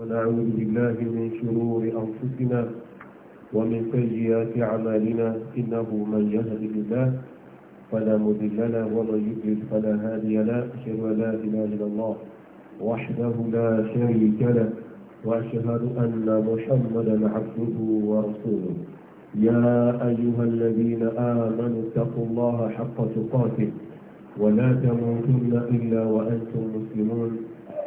ونعوذ بالله من شرور أنفسنا ومن سيئات أعمالنا إنه من يهد الله فلا مضل له ومن يضلل فلا هادي له أشهد أن لا إله إلا الله وحده لا شريك له وأشهد أن محمدا عبده ورسوله يا أيها الذين آمنوا اتقوا الله حق تقاته ولا تموتن إلا وأنتم مسلمون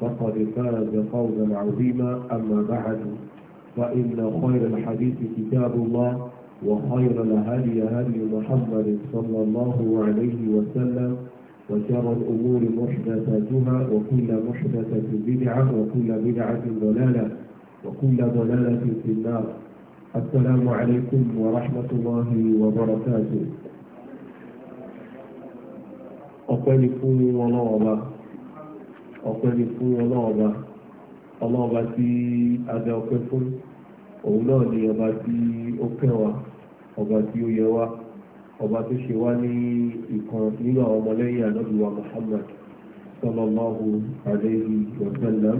فقد فاز فوزا عظيما أما بعد فإن خير الحديث كتاب الله وخير الهدي هدي محمد صلى الله عليه وسلم وشر الأمور محدثاتها وكل محدثة بدعة وكل بدعة ضلالة وكل ضلالة في النار السلام عليكم ورحمة الله وبركاته أقول لكم ونوضا ọpẹ́ ni fún ọlọ́ọ̀ba ọlọ́ọ̀ba tí a dá ọpẹ́ fún òun náà ni ọba tí ó kẹ́ wa ọba tí ó yẹ wa ọba tó ṣe wá ní ìkan nínú àwọn ọmọlẹ́yìn ànábìwá Muhammad sallallahu alayhi wa sallam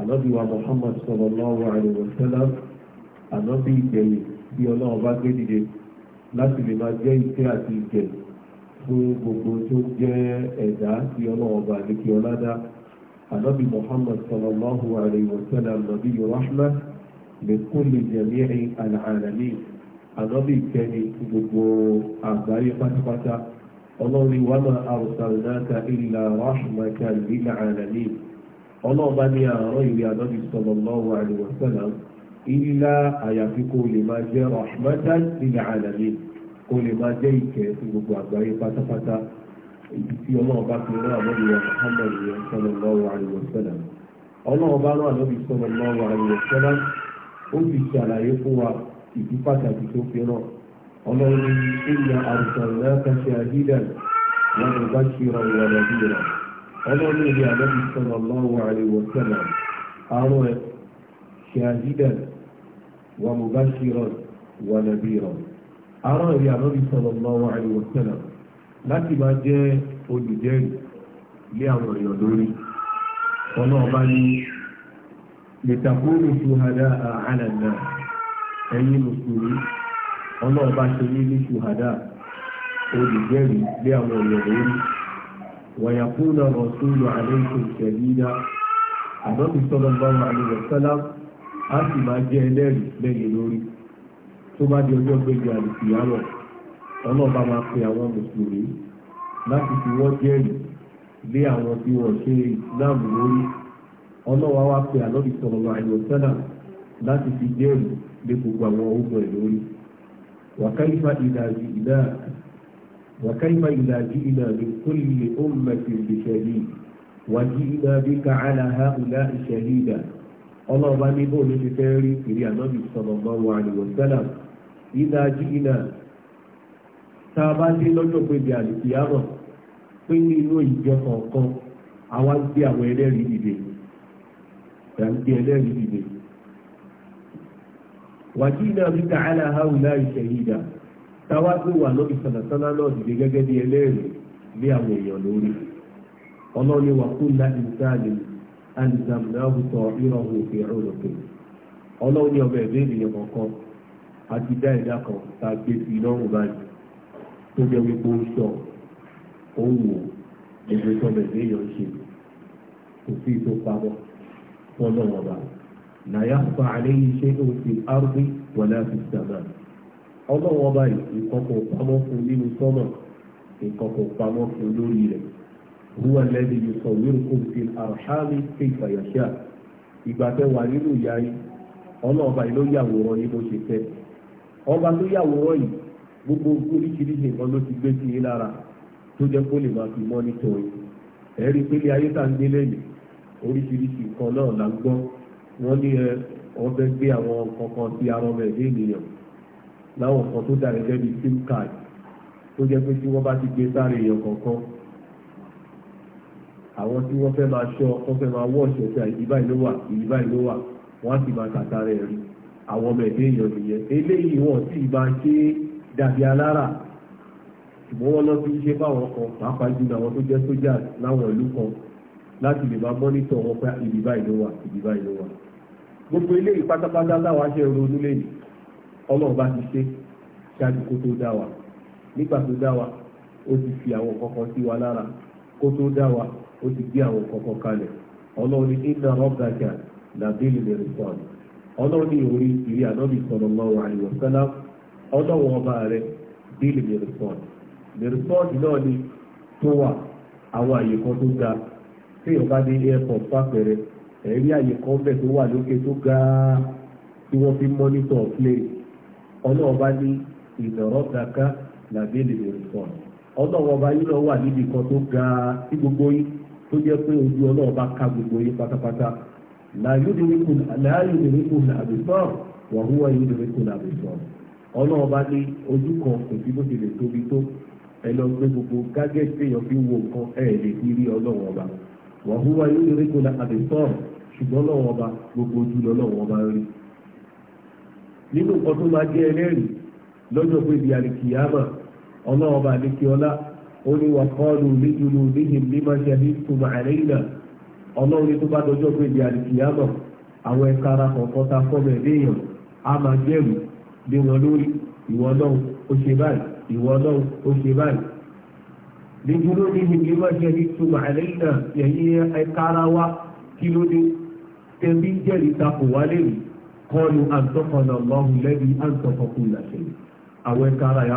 ànábìwá Muhammad sallallahu alayhi wa sallam ànábì ìgbẹ̀yìn bí ọlọ́ọ̀ba gbé dìde láti lè máa jẹ́ ìfẹ́ àti ìgbẹ̀yìn fún gbogbo tó jẹ́ ẹ̀dá tí ọlọ́wọ́ bá lè kí ọládá ànábì muhammad sallallahu alayhi wa sallam nabi rahma lè kó lè jẹ̀mí alàlàní ànábì kẹni gbogbo àgbáyé pátápátá ọlọ́rin wà máa arsalnaka illa rahmatan lil alamin ọlọ́ọ̀bá ní àárọ̀ ìwé ànábì sallallahu alayhi wa sallam illa àyàfi lè máa jẹ́ rahmatan lil alamin kó lè máa jẹ́ ìkẹ́ sí gbogbo àgbáyé pátápátá èyí tí ọlọ́run bá fi rán àlọ́bí wa Muhammad yẹn sallallahu alaihi wasallam ọlọ́run bá rán àlọ́bí sallallahu alaihi wasallam ó sì ṣàlàyé fún wa ìdí pàtàkì tó fi rán ọlọ́run ní ìyá arsalnaka shahidan wa mubashiran wa nadhira ọlọ́run ní àlọ́bí sallallahu alaihi wasallam àrùn ará ìrìn ànábì sallallahu alaihi wasallam láti máa jẹ́ olùjẹ́rìí lé àwọn èèyàn lórí ọlọ́ọ̀bá ní litakunu shuhada'a 'ala an-nas ẹ̀yin mùsùlùmí ọlọ́ọ̀bá ṣe ní ní shuhada olùjẹ́rìí lé àwọn èèyàn lórí wa yakuna rasulu alaykum shahida ànábì sallallahu alaihi wasallam á sì máa jẹ́ ẹlẹ́rìí lẹ́yìn lórí tó bá di ọjọ́ gbẹ̀gbẹ̀ àlùkìyàmọ̀ ọlọ́ọ̀bá máa pe àwọn mùsùlùmí láti fi wọ́n jẹ́rìí lé àwọn tí wọ́n ṣe islam lórí ọlọ́wà wá pe àlọ́bí sọ̀rọ̀ àìwọ̀sẹ́là láti fi jẹ́rìí lé gbogbo àwọn ogun ẹ̀ lórí. wàkàlífà ìdajì ìdá wàkàlífà ìdajì ìdá ní kúlì ọmọdé ìṣẹ̀lì wàjí ìdá bí káàlà ha ìlà ìṣẹ̀lì ìdá ọlọ́ọ̀bá ní bóun ní ti fẹ́ rí kiri àlọ́bí sọ̀rọ̀ àìwọ̀sẹ́là ìdájí iná tá a bá dé lọ́jọ́ pé bí àlùkìyàmọ̀ pé ní inú ìjọ kọ̀ọ̀kan àwa ń gbé àwọn ẹlẹ́rìí dìde ìgbà ẹlẹ́rìí dìde wàjí bí káàlà haúlá ìṣẹ̀yìdà táwa gbé wà lórí sànàsánà náà dìde gẹ́gẹ́ bí ẹlẹ́rìí lé àwọn èèyàn lórí ọlọ́ni wà kú òfin ọ̀rọ̀ ọlọ́ni àti dá ẹ̀dá kan ta gbé sí lọ́rùn báyìí tó jẹ́ wípé ó sọ ó wò gbogbo tọ́lẹ̀ léèyàn ṣe kò sí tó pamọ́ tọ́lọ̀ wọn bá nàyà fa àléyìn ṣé ó ti arúgbó wọlé àti sàmà ọlọ́wọ́n báyìí nǹkan kò pamọ́ fún nínú sọ́mọ̀ nǹkan kò pamọ́ fún lórí rẹ̀ huwa lẹ́ni yusawwirukum fil arhami kayfa yasha ìgbà tẹ́ wà nínú ìyá yìí ọlọ́ọ̀bá yìí ló yàwòrán yìí bó ṣe fẹ́ ọba tó yàwòrán yìí gbogbo oríṣiríṣi nǹkan ló ti gbé sí i lára tó jẹ́ kó lè máa fi mọ́ nítorí ẹ̀rí pélé ayé tá ń gbé lẹ́yìn oríṣiríṣi nǹkan náà là ń gbọ́ wọ́n ní ẹ wọ́n fẹ́ gbé àwọn kankan sí ara ọmọ ẹ̀dá ènìyàn láwọn kan tó dà gẹ́gẹ́ bíi sim card tó jẹ́ pé tí wọ́n bá ti gbé sáré èèyàn kankan àwọn tí wọ́n fẹ́ máa ṣọ́ wọ́n fẹ́ máa wọ́ ọ̀ṣẹ̀ sí ló wà ìdí ló wà wọ́n á sì máa kàtà rẹ̀ rí i àwọn ọmọ ẹ̀dẹ́ èèyàn nìyẹn eléyìí wọ́n sì bá ṣe dàbí alára ṣùgbọ́n wọ́n lọ fi ṣe báwọn kan pàápàá jùlọ àwọn tó jẹ́ sójà láwọn ìlú kan láti lè máa mọ́nítọ̀ wọn pé ìdìbà ìlú wà gbogbo pátápátá ronú lẹ́yìn ọlọ́run bá ti ṣe ṣáájú kó tó dá wa nígbà tó ti fi àwọn sí wa lára kó tó wa ó ti gbé àwọn kalẹ̀ ọlọ́run ní rọ́gàjà ọlọ́run ní ìròyìn ìrí ànábì sallallahu alaihi wasallam ọlọ́run ọba rẹ̀ bílì mẹ́rìsọ́ọ̀dì mẹ́rìsọ́ọ̀dì náà ni tó wà àwọn àyè kan tó ga tí ìyọ̀bá ní airport fàpẹ̀rẹ̀ ẹ̀rí àyè kan bẹ̀ tó wà lókè tó ga tí wọ́n fi mọ́nítọ̀ plane ọlọ́run bá ní ìdọ̀rọ̀ kàkà làbílì mẹ́rìsọ́ọ̀dì ọlọ́run ọba yìí náà wà níbi kan tó ga tí gbogbo yín tó jẹ́ pé ojú ọlọ́run bá ká gbogbo yín pátápátá la yudrikul absar wa huwa yudrikul absar ọlọ́ọ̀bá ní ojú kan kò sí bó ti tóbi tó ẹ lọ gbé gbogbo gágẹ́tì fi wo nǹkan lè fi rí ọba wa huwa yudrikul absar ṣùgbọ́n ọba gbogbo ojú lọ́wọ́n ọba rí nínú nǹkan ọlọ́run tó bá dọjọ́ pé ibi àdìkìyàmọ̀ àwọn ẹ̀ka ara kọ̀ọ̀kan ta fọ́mọ̀ ẹ̀ léèyàn á máa jẹ́rù lé wọn lórí ìwọ náà ó ṣe báyìí ìwọ náà ó ṣe báyìí. níbi ló ní ibi wá ní túmọ̀ àlẹ́yìn yẹ̀yìn ẹ̀ka ara wa kí ló dé tẹ̀mí jẹ́rìí takò wá lérí kọlu àǹtọ́kọ̀nà ọlọ́run lẹ́bi àǹtọ́kọ̀kù ìlàṣẹ àwọn ẹ̀ka ara yà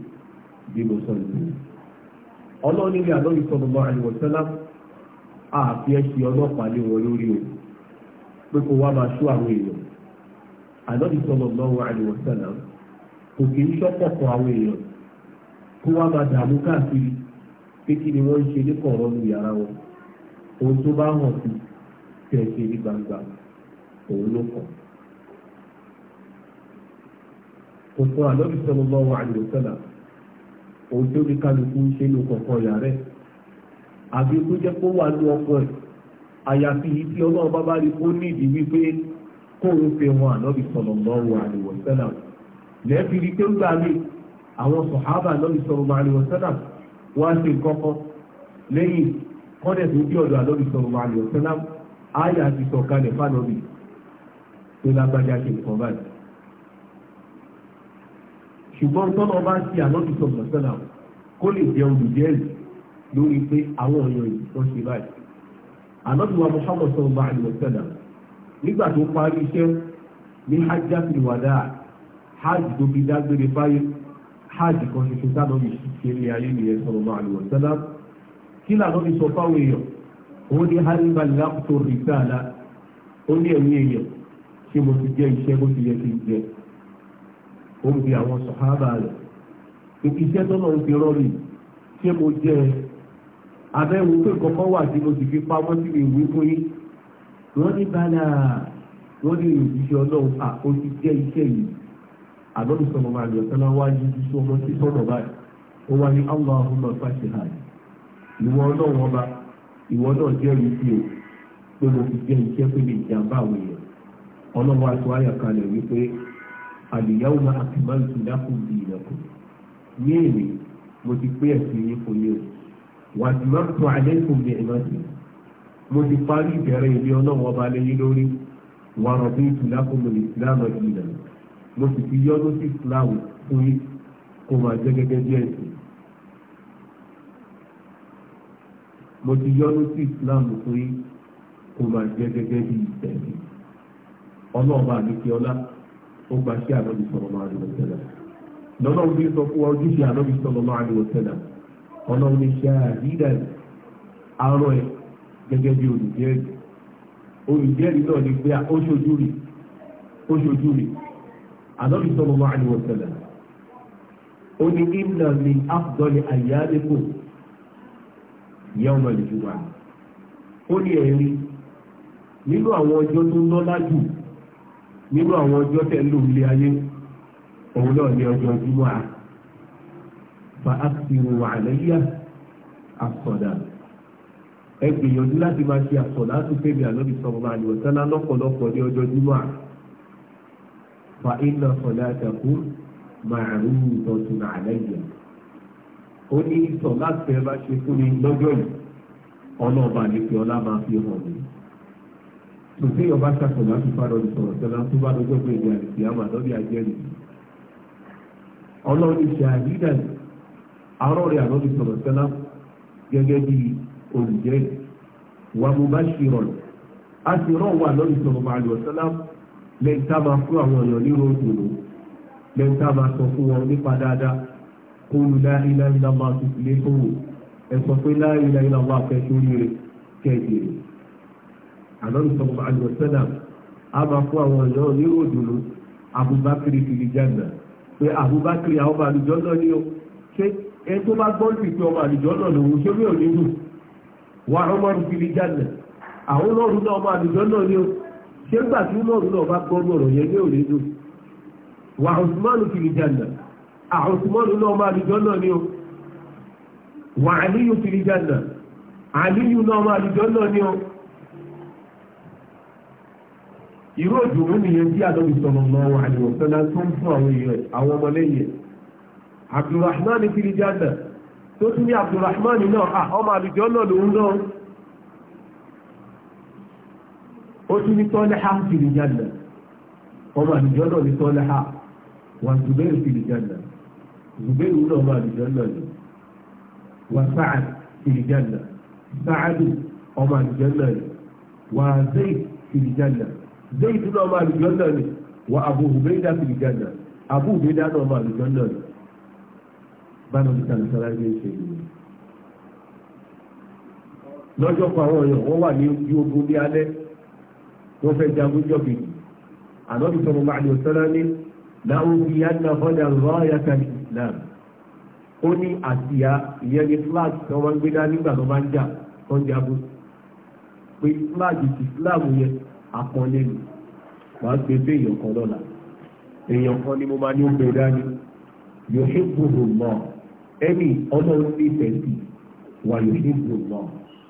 di mo sọ ìlú ọlọ́run nílé àlọ́ ìsọ̀rọ̀ a àfi ẹ̀ṣẹ̀ ọlọ́pàá lé wọn lórí o pé kó wá máa ṣú àwọn èèyàn àlọ́ ìsọ̀rọ̀ àìwọ̀sẹ́lá kò kì í ṣọ́pọ̀pọ̀ àwọn èèyàn kó wá máa dààmú káàkiri pé kí ni wọ́n ń ṣe ní kọ̀ọ̀rọ̀ yàrá wọn ohun tó bá hàn sí òun tó rí kálukú ń ṣe ní kọ̀ọ̀kan ìyá rẹ̀ àbí kó jẹ́ kó wà ní ọkọ̀ ẹ̀ àyàfi yìí tí ọlọ́run bá bá rí kó ní ìdí wípé kóun fẹ́ wọn ànábì sallallahu alaihi wasallam lẹ́ẹ̀fi rí pé gbà mí àwọn sọ̀hábà ànábì sallallahu alaihi wasallam wọ́n á ṣe nǹkan lẹ́yìn kọ́dẹ̀ tó bí ọ̀dọ̀ ànábì sallallahu alaihi wasallam áyà ti sọ̀kalẹ̀ fánàbì tó lágbájá ṣe nǹkan báyìí ṣùgbọ́n tọ́lọ́ bá ṣe àlọ́dún tó gbọ̀n sọ́là kó lè jẹ́ olùjẹ́rì lórí pé àwọn èèyàn yìí wọ́n ṣe báyìí. àlọ́dún wa Muhammad sọ̀rọ̀ àlùwọ̀ sọ́là nígbà tó parí iṣẹ́ ní hajj àfìwádà hajj tó fi dágbére fáyé hajj kan ṣoṣo sábà mi ṣe ní ayé nìyẹn sọ̀rọ̀ àlùwọ̀ sọ́là kí làlọ́dún sọ fáwọn èèyàn òun ní hariba lápútó rìsáàlà ó ní ẹ̀mí èèyàn ṣé mo ti jẹ́ iṣẹ́ bó ti yẹ kí jẹ́ ó ń bi àwọn sọ̀hábà rẹ̀ pé iṣẹ́ tọ́nà ń fi rọ́ọ̀lì ṣé mo jẹ́ abẹ́wò pé kọ́kọ́ wà tí mo sì fi pamọ́ sí ìwé fún yín wọ́n ní bàlá wọ́n ní òjíṣẹ́ ọlọ́run à ti jẹ́ iṣẹ́ yìí àdọ́dún sọmọ máa lọ sọ́nà wá yíjú sí ọmọ sí báyìí ó wá ní ìwọ ọba ìwọ náà sí o pé mo fi jẹ́ iṣẹ́ pé mi ìjàmbá àwọn àlùyáwó àtìmáàtì lákùn bí ìlẹ̀kùn ní èmi mo ti pé ẹ̀sìn yín fún yín o wà tí máa tún àlékún ní ìrántí mo ti parí ìbẹ̀rẹ̀ ilé ọlọ́wọ́ ọba lẹ́yìn lórí wà rọ̀bí ìtùlákùn mi ní ìsìláàmù ìlẹ̀ mo sì fi yọ́ lọ́sí ìsìláàmù fún yín kó máa jẹ́ gẹ́gẹ́ bí ẹ̀sìn. mo ti yọ́nú sí islam pé kò máa jẹ́ gẹ́gẹ́ bí ìtẹ̀lé ọlọ́ọ̀bá àdékè ọlá ó gba sí ànábì sallallahu alaihi wasallam lọ́nà òbí sọ fún ojúṣe ànábì sallallahu alaihi wasallam ọ̀nà òní ṣe àdídà arọ ẹ̀ gẹ́gẹ́ bí olùjẹ́rì olùjẹ́rì náà ni pé ó ṣojú rí ó ṣojú rí ànábì sallallahu alaihi wasallam ó ní ìmìnà ní afdal ayyamikum yawm al ó ní ẹ̀rí nínú àwọn ọjọ́ tó lọ́lá jù nínú àwọn ọjọ́ tẹ́ lò ilé ayé òun náà ní ọjọ́ júmọ́ à fa àkìrò àlẹ́yà àsọ̀dà ẹ gbìyànjú láti máa ṣe àsọ̀dà tó tẹ̀lé àlọ́bí sọ̀rọ̀ máa lè ọ̀tánná lọ́pọ̀lọpọ̀ ní ọjọ́ júmọ́ à fa iná sọ̀dà àtàkù máa rú ìtọ́sùn àlẹ́yà ó ní sọ̀ láti ẹ bá ṣe fún mi lọ́jọ́ yìí ọlọ́ọ̀bà ní fi ọlá máa fi hàn mí kò sí ọba ṣàkóso láti fara ọdún sọ̀rọ̀ tẹ́lá tó bá dọ́jọ́ pé ìwé àti àmà lọ́dí àjẹ́rì ọlọ́run ṣe àdídà àárọ̀ rẹ̀ àlọ́dí sọ̀rọ̀ tẹ́lá gẹ́gẹ́ bí olùjẹ́rì wà mú bá ṣe rọ̀ a ti rọ̀ wà lọ́dí sọ̀rọ̀ máa lọ tẹ́lá lẹ́yìn tá a máa fún àwọn èèyàn ní ròdùnú lẹ́yìn tá a máa sọ fún wọn nípa dáadáa kó lu àlọ́nùsọ̀kọ̀ àlùwẹ̀sẹ́là a máa fún àwọn èèyàn ní òdòdó abubakiri kiri jẹ́nà pé abubakiri àwọn ọmọ àlùjọ náà ní o ṣé ẹ tó bá gbọ́ sí pé ọmọ àlùjọ náà lòun ṣé mi ò ní lù wà ọmọrù kiri jẹ́nà àwọn ọlọ́run náà ọmọ àlùjọ náà ní o ṣé gbà tí ọlọ́run náà bá gbọ́ ọ̀rọ̀ yẹn ní òní lù wà ọ̀sùnmọ́nù kiri jẹ́nà àwọn ọ̀sùnmọ́nù náà ọmọ àlùjọ náà ní o wà irú òdùnú nìyẹn tí àdóbi sọ̀rọ̀ mọ́ wà ní ọ̀sánná tó ń fún àwọn èèyàn àwọn ọmọlẹ́yìn abdulrahman kiri jáde tó tún ní abdulrahman náà ah, ọmọ àlùjọ náà lòun náà ó tún ní tọ́lẹ́hà kiri jáde ọmọ àlùjọ náà ní tọ́lẹ́hà wà zùbẹ́rù kiri jáde náà ọmọ àlùjọ náà ní wà sáàd kiri jáde ọmọ àlùjọ náà ní wà zayd kiri zayidu náà máa lù jọ́nà ni wà abu hubeida fi jẹ́nà abu hubeida náà máa lù jọ́nà ni báwo ni sàlẹ̀ sàlẹ̀ ṣe ń ṣe lọ́jọ́ kan àwọn èèyàn wọ́n wà ní ojú ogun ní alẹ́ wọ́n fẹ́ jagun jọ bìbì ànábi sọ̀rọ̀ máa lò sọ́lá ní láwọn fi yá ní ọ̀fọ́dà rọ́ọ̀yà kàlí islam ó ní àtìyá ìyẹn ní flag tí wọ́n máa ń gbé dá nígbà tó máa ń jà tó ń jagun pé flag ti islam yẹn àpọ́nlé mi máa gbé fún èèyàn kan lọ́la èèyàn kan ni mo máa ní oúnjẹ dání yóò ṣe gbòòrò mọ́ ẹni ọlọ́run ní wà yóò ṣe mọ́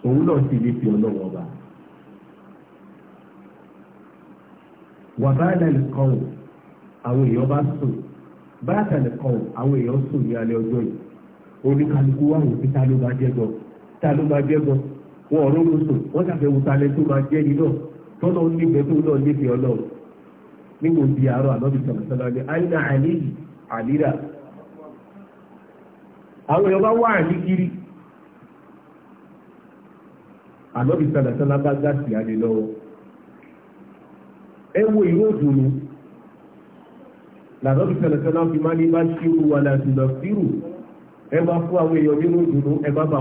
òun náà sì ní fi ọlọ́run ọba. nìkan o àwọn èèyàn bá sùn nìkan o àwọn èèyàn sùn ní alẹ́ ọjọ́ yìí wà wò sí ta ló máa jẹ́ gan ta ló máa gan wọn ò sùn ta lẹ́ tó ni náà. tọ́lọ́ níbẹ̀ tó náà níbi ọlọ́run níwò di àárọ̀ ànábì sọ̀rọ̀sọ̀rọ̀ ni àìnà àníyì àlírà àwọn èèyàn bá wá àní kiri ànábì sọ̀rọ̀sọ̀rọ̀ bá gáàsì àlè lọ́wọ́ ẹ wo ìró òdùnnú lànábì sọ̀rọ̀sọ̀rọ̀ fi máa ní bá ṣírù wà látìlọ sírù ẹ bá fún àwọn èèyàn nínú òdùnnú ẹ bá bá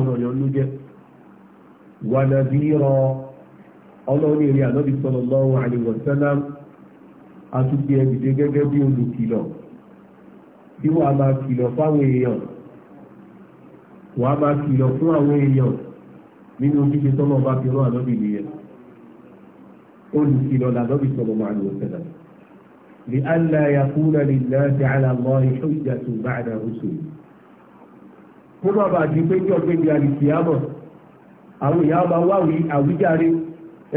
ọlọ́run eré ànábì sallallahu alaihi wasallam àtúgbé ẹgbẹ̀dẹ̀ gẹ́gẹ́ bí olùkìlọ̀ tí wọ́n a máa kìlọ̀ fáwọn èèyàn wọ́n a máa kìlọ̀ fún àwọn èèyàn nínú ojúṣe tọ́lọ̀ bá fi rán ànábì nìyẹn olùkìlọ̀ lànábì sallallahu alaihi wasallam li alla yakuna linnasi ala Allahi hujjatun ba'da rusul kó má bàa di pé kí ọgbẹ́ni àlìkìyàmọ̀ àwọn èèyàn máa wáwí àwíjàre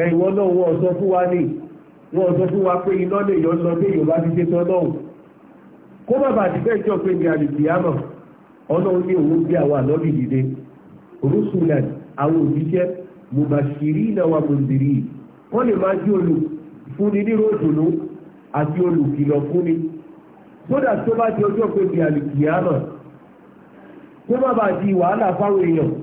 ẹ̀wọ́ náà wọ́n ọsọ fún wa ní wọ́n sọ fún wa pé iná lè yorùbá ti ṣe tán lọ́hùn kó má bàtí jọ pé ní àlùkì ní òun bí àwọn àlọ́bì dìde rúṣùlẹ̀ àwọn òbíṣẹ́ mùbàṣírí náà wà wọ́n lè máa jí àti fúnni sódà tó bá ọjọ́ pé ní àlùkì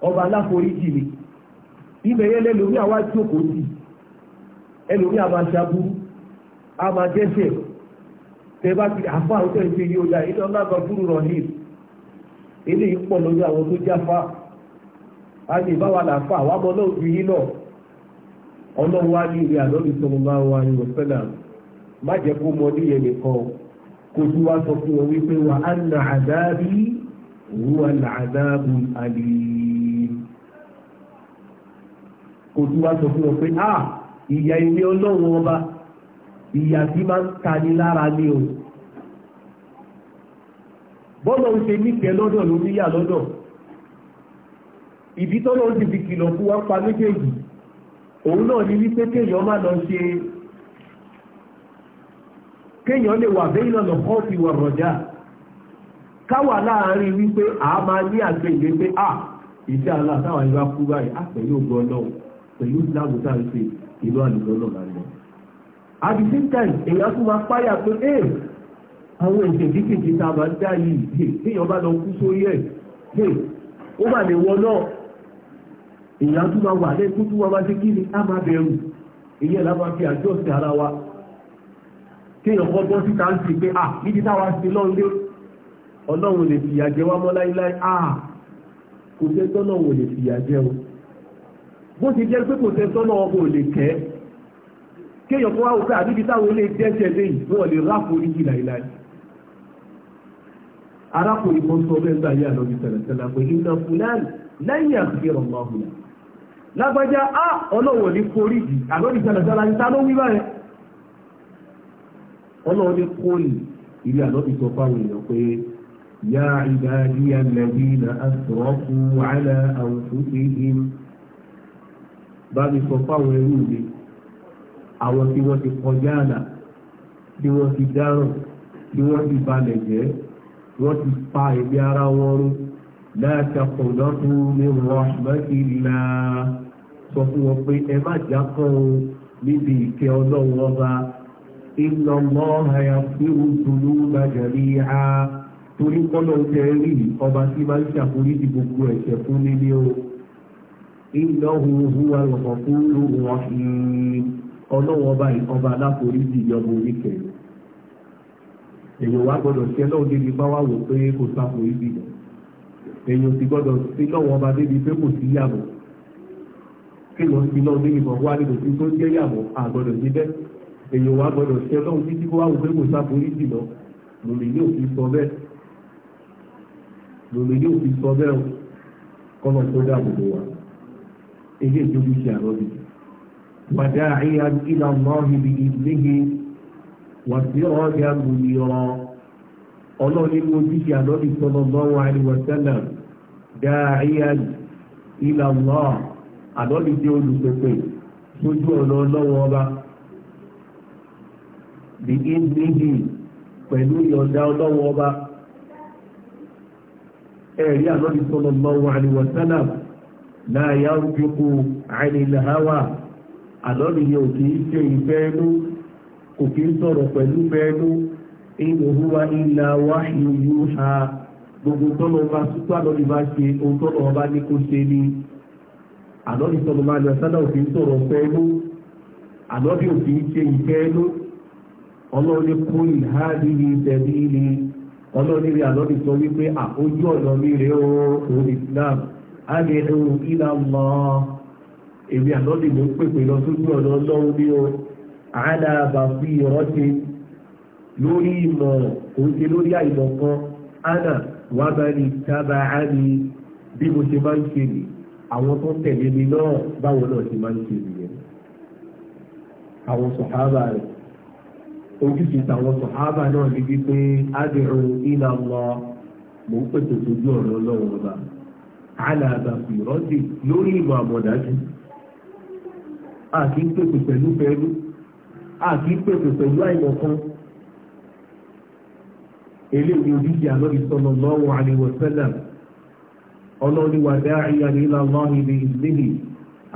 ọba aláforíjì ni ibẹ̀ yẹn lẹ́lòmí àwa jókòó sí ẹlòmí àmà ṣàbúrú àmà dẹ́sẹ̀ tẹ bá ti àfa àwùjọ ìṣe yìí iná ńlá kan dúró rọ̀ ní eléyìí pọ̀ lọ́jọ́ àwọn tó jáfa a lè bá wa làfa àwọn ọmọ náà ju yín náà ọlọ́run wá ní ìwé àlọ́bí sọ̀rọ̀ máa wá ní ọ̀sẹ́là má jẹ́ kó mọ ní kó tún wá sọ fún wọn wípé wà á kò tún wá sọ fún wọn pé ah ìyà ilé ọlọ́run ọba ìyà tí máa ń tani lára ni o bọ́lọ̀ ń ṣe níkẹ́ lọ́dọ̀ ló níyà lọ́dọ̀ ìdí tọ́lọ́ ti fi kìlọ̀ fún wa pa méjèèjì òun náà ni wípé kéèyàn má lọ ṣe kéèyàn lè wà bẹ́ẹ̀ ìlànà kọ́ọ̀tì wà rọ̀jà káwà láàárín wípé àá máa ní àgbègbè pé à ìṣe aláàtàwọn ìwà kú báyìí àpẹ̀lú ògbọ́n náà pẹ̀lú ìsìláàmù tá à ń ṣe ìlú àlùkò náà máa lọ. at the same time èèyàn tún máa páyà pé ee àwọn èdè kékeré tá a máa ń dá yìí kéèyàn bá lọ kú sórí ẹ̀ ee ó bà lè wọ náà èèyàn tún máa wà lẹ́kú tún wọ́n bá ṣe kí ni a máa bẹ̀rù èyí là máa fi àjọ sí ara wa kéèyàn kọ́ bọ́ síta ń sì pé à níbi táwa sí lọ́n lé ọlọ́run lè fìyà jẹ wá mọ́ láíláí à kò fẹ́ tọ́lọ́run lè fìyà jẹ o bó ti jẹ́ pé kò tẹ́ sọ́nà ọkọ̀ lè kẹ́ kéèyàn kó wá wò pé àbíbi táwọn ilé dẹ́sẹ̀ lẹ́yìn wọ́n lè ráàpù oríjì láìláì arákùnrin kan sọ bẹ́ẹ̀ gbà àlọ́bí iná lẹ́yìn lágbájá á ní àlọ́bí ní ní kóòlì ilé àlọ́bí sọ fáwọn na wàhálà àwùjọ bá mi sọ fáwọn ẹrú mi àwọn tí wọ́n ti kọjá àlà tí wọ́n ti dáràn tí wọ́n ti balẹ̀ jẹ́ wọ́n ti pa ẹ̀mí ara wọn rú láàtàkùn lọ́dún ní rọ̀ṣmẹ́kìlá sọ fún torí kọ́lọ̀ tẹ́ rí ọba tí máa ń ṣàforíjì gbogbo ẹ̀ṣẹ̀ fún nílé o ìnáwó huwa ìfọ̀kúrú wọn fi ọlọ́wọ́ ọba ìkọba aláforíjì ìjọba oníkẹ̀. èèyàn wá gbọ́dọ̀ ṣe lọ́wọ́ débi bá wà wò pé kò sáforíjì lọ. èèyàn sì gbọ́dọ̀ ṣe lọ́wọ́ ọba débi pé kò sí yàgò. kéèyàn sì lọ́wọ́ débi kan wá nínú tí tó jẹ́ yàgò àgbọ̀dọ̀ ṣe bẹ́ẹ̀. èèyàn wá gbọ́dọ̀ ṣe lọ́wọ́ títí kó wá wò pé kò sáforíjì lọ. lòmì ní òfin sọ bẹ́ẹ̀ lòmì ní òfin sọ bẹ́ẹ̀ kọ́nà tó dáàbò wa. ilé ìjọba ìṣe àròbí وداعيا إلى الله بإذنه وسراجا منيرا ọlọ́ọ̀ni mo jíṣẹ́ àlọ́dì sallallahu alaihi wa sallam da'iyan ila Allah àlọ́dì jẹ́ olùpẹ̀pẹ̀ sójú ọ̀nà ọlọ́wọ́ ọba bí i pẹ̀lú ìyọ̀ǹda ọlọ́wọ́ ọba ẹ̀rí láyá rúkúkú àìlèláwà àlọ́nìyàn kì í ṣe ìfẹ́ ẹnu kò kí ń sọ̀rọ̀ pẹ̀lú fẹ́ẹ́nu inú huwa illa wahyu yuha gbogbo tọ́lọ bá súpà lọ́dí bá ṣe ohun tọ́lọ ọba ní kó ṣe ni àlọ́dí sọ̀rọ̀ máa lọ sádà òfin sọ̀rọ̀ fẹ́ẹ́nu àlọ́dí òfin ṣe ìfẹ́ẹ́nu ọlọ́run kó ìhádìí ní ni ọlọ́run rí àlọ́dí sọ wípé àkójú ọ̀nà mi rèé o Islam adìrú ilá mọ́ èmi àlọ́dì ló pèpè lọ sójú ọ̀nà ọlọ́run ní o àádáàbà fi ìrántí lórí ìmọ̀ oúnjẹ lórí àìmọ̀ kan ana wà bá ní tábà á ní bí mo ṣe máa ń ṣe nì àwọn tó tẹ̀lé mi náà báwo náà ṣe máa ń ṣe nìyẹn àwọn sọ̀hábà rẹ̀ ojúṣe tàwọn sọ̀hábà náà ní wípé adìrú ilá mọ́ mo ń pètè sójú ọ̀nà ọlọ́run ọba alàbàkù ìrọ́dì lórí ìmọ̀ àmọ̀dájú a kì í pèpè pẹ̀lú pẹ̀lú a kì í pèpè pẹ̀lú àìmọ̀kan eléyìí òdíjì àlọ́bí sọ́nà lọ́wọ́ àlewọ̀sẹ́là ọlọ́niwà dáhìyà nílá lọ́hìn ní ìdílé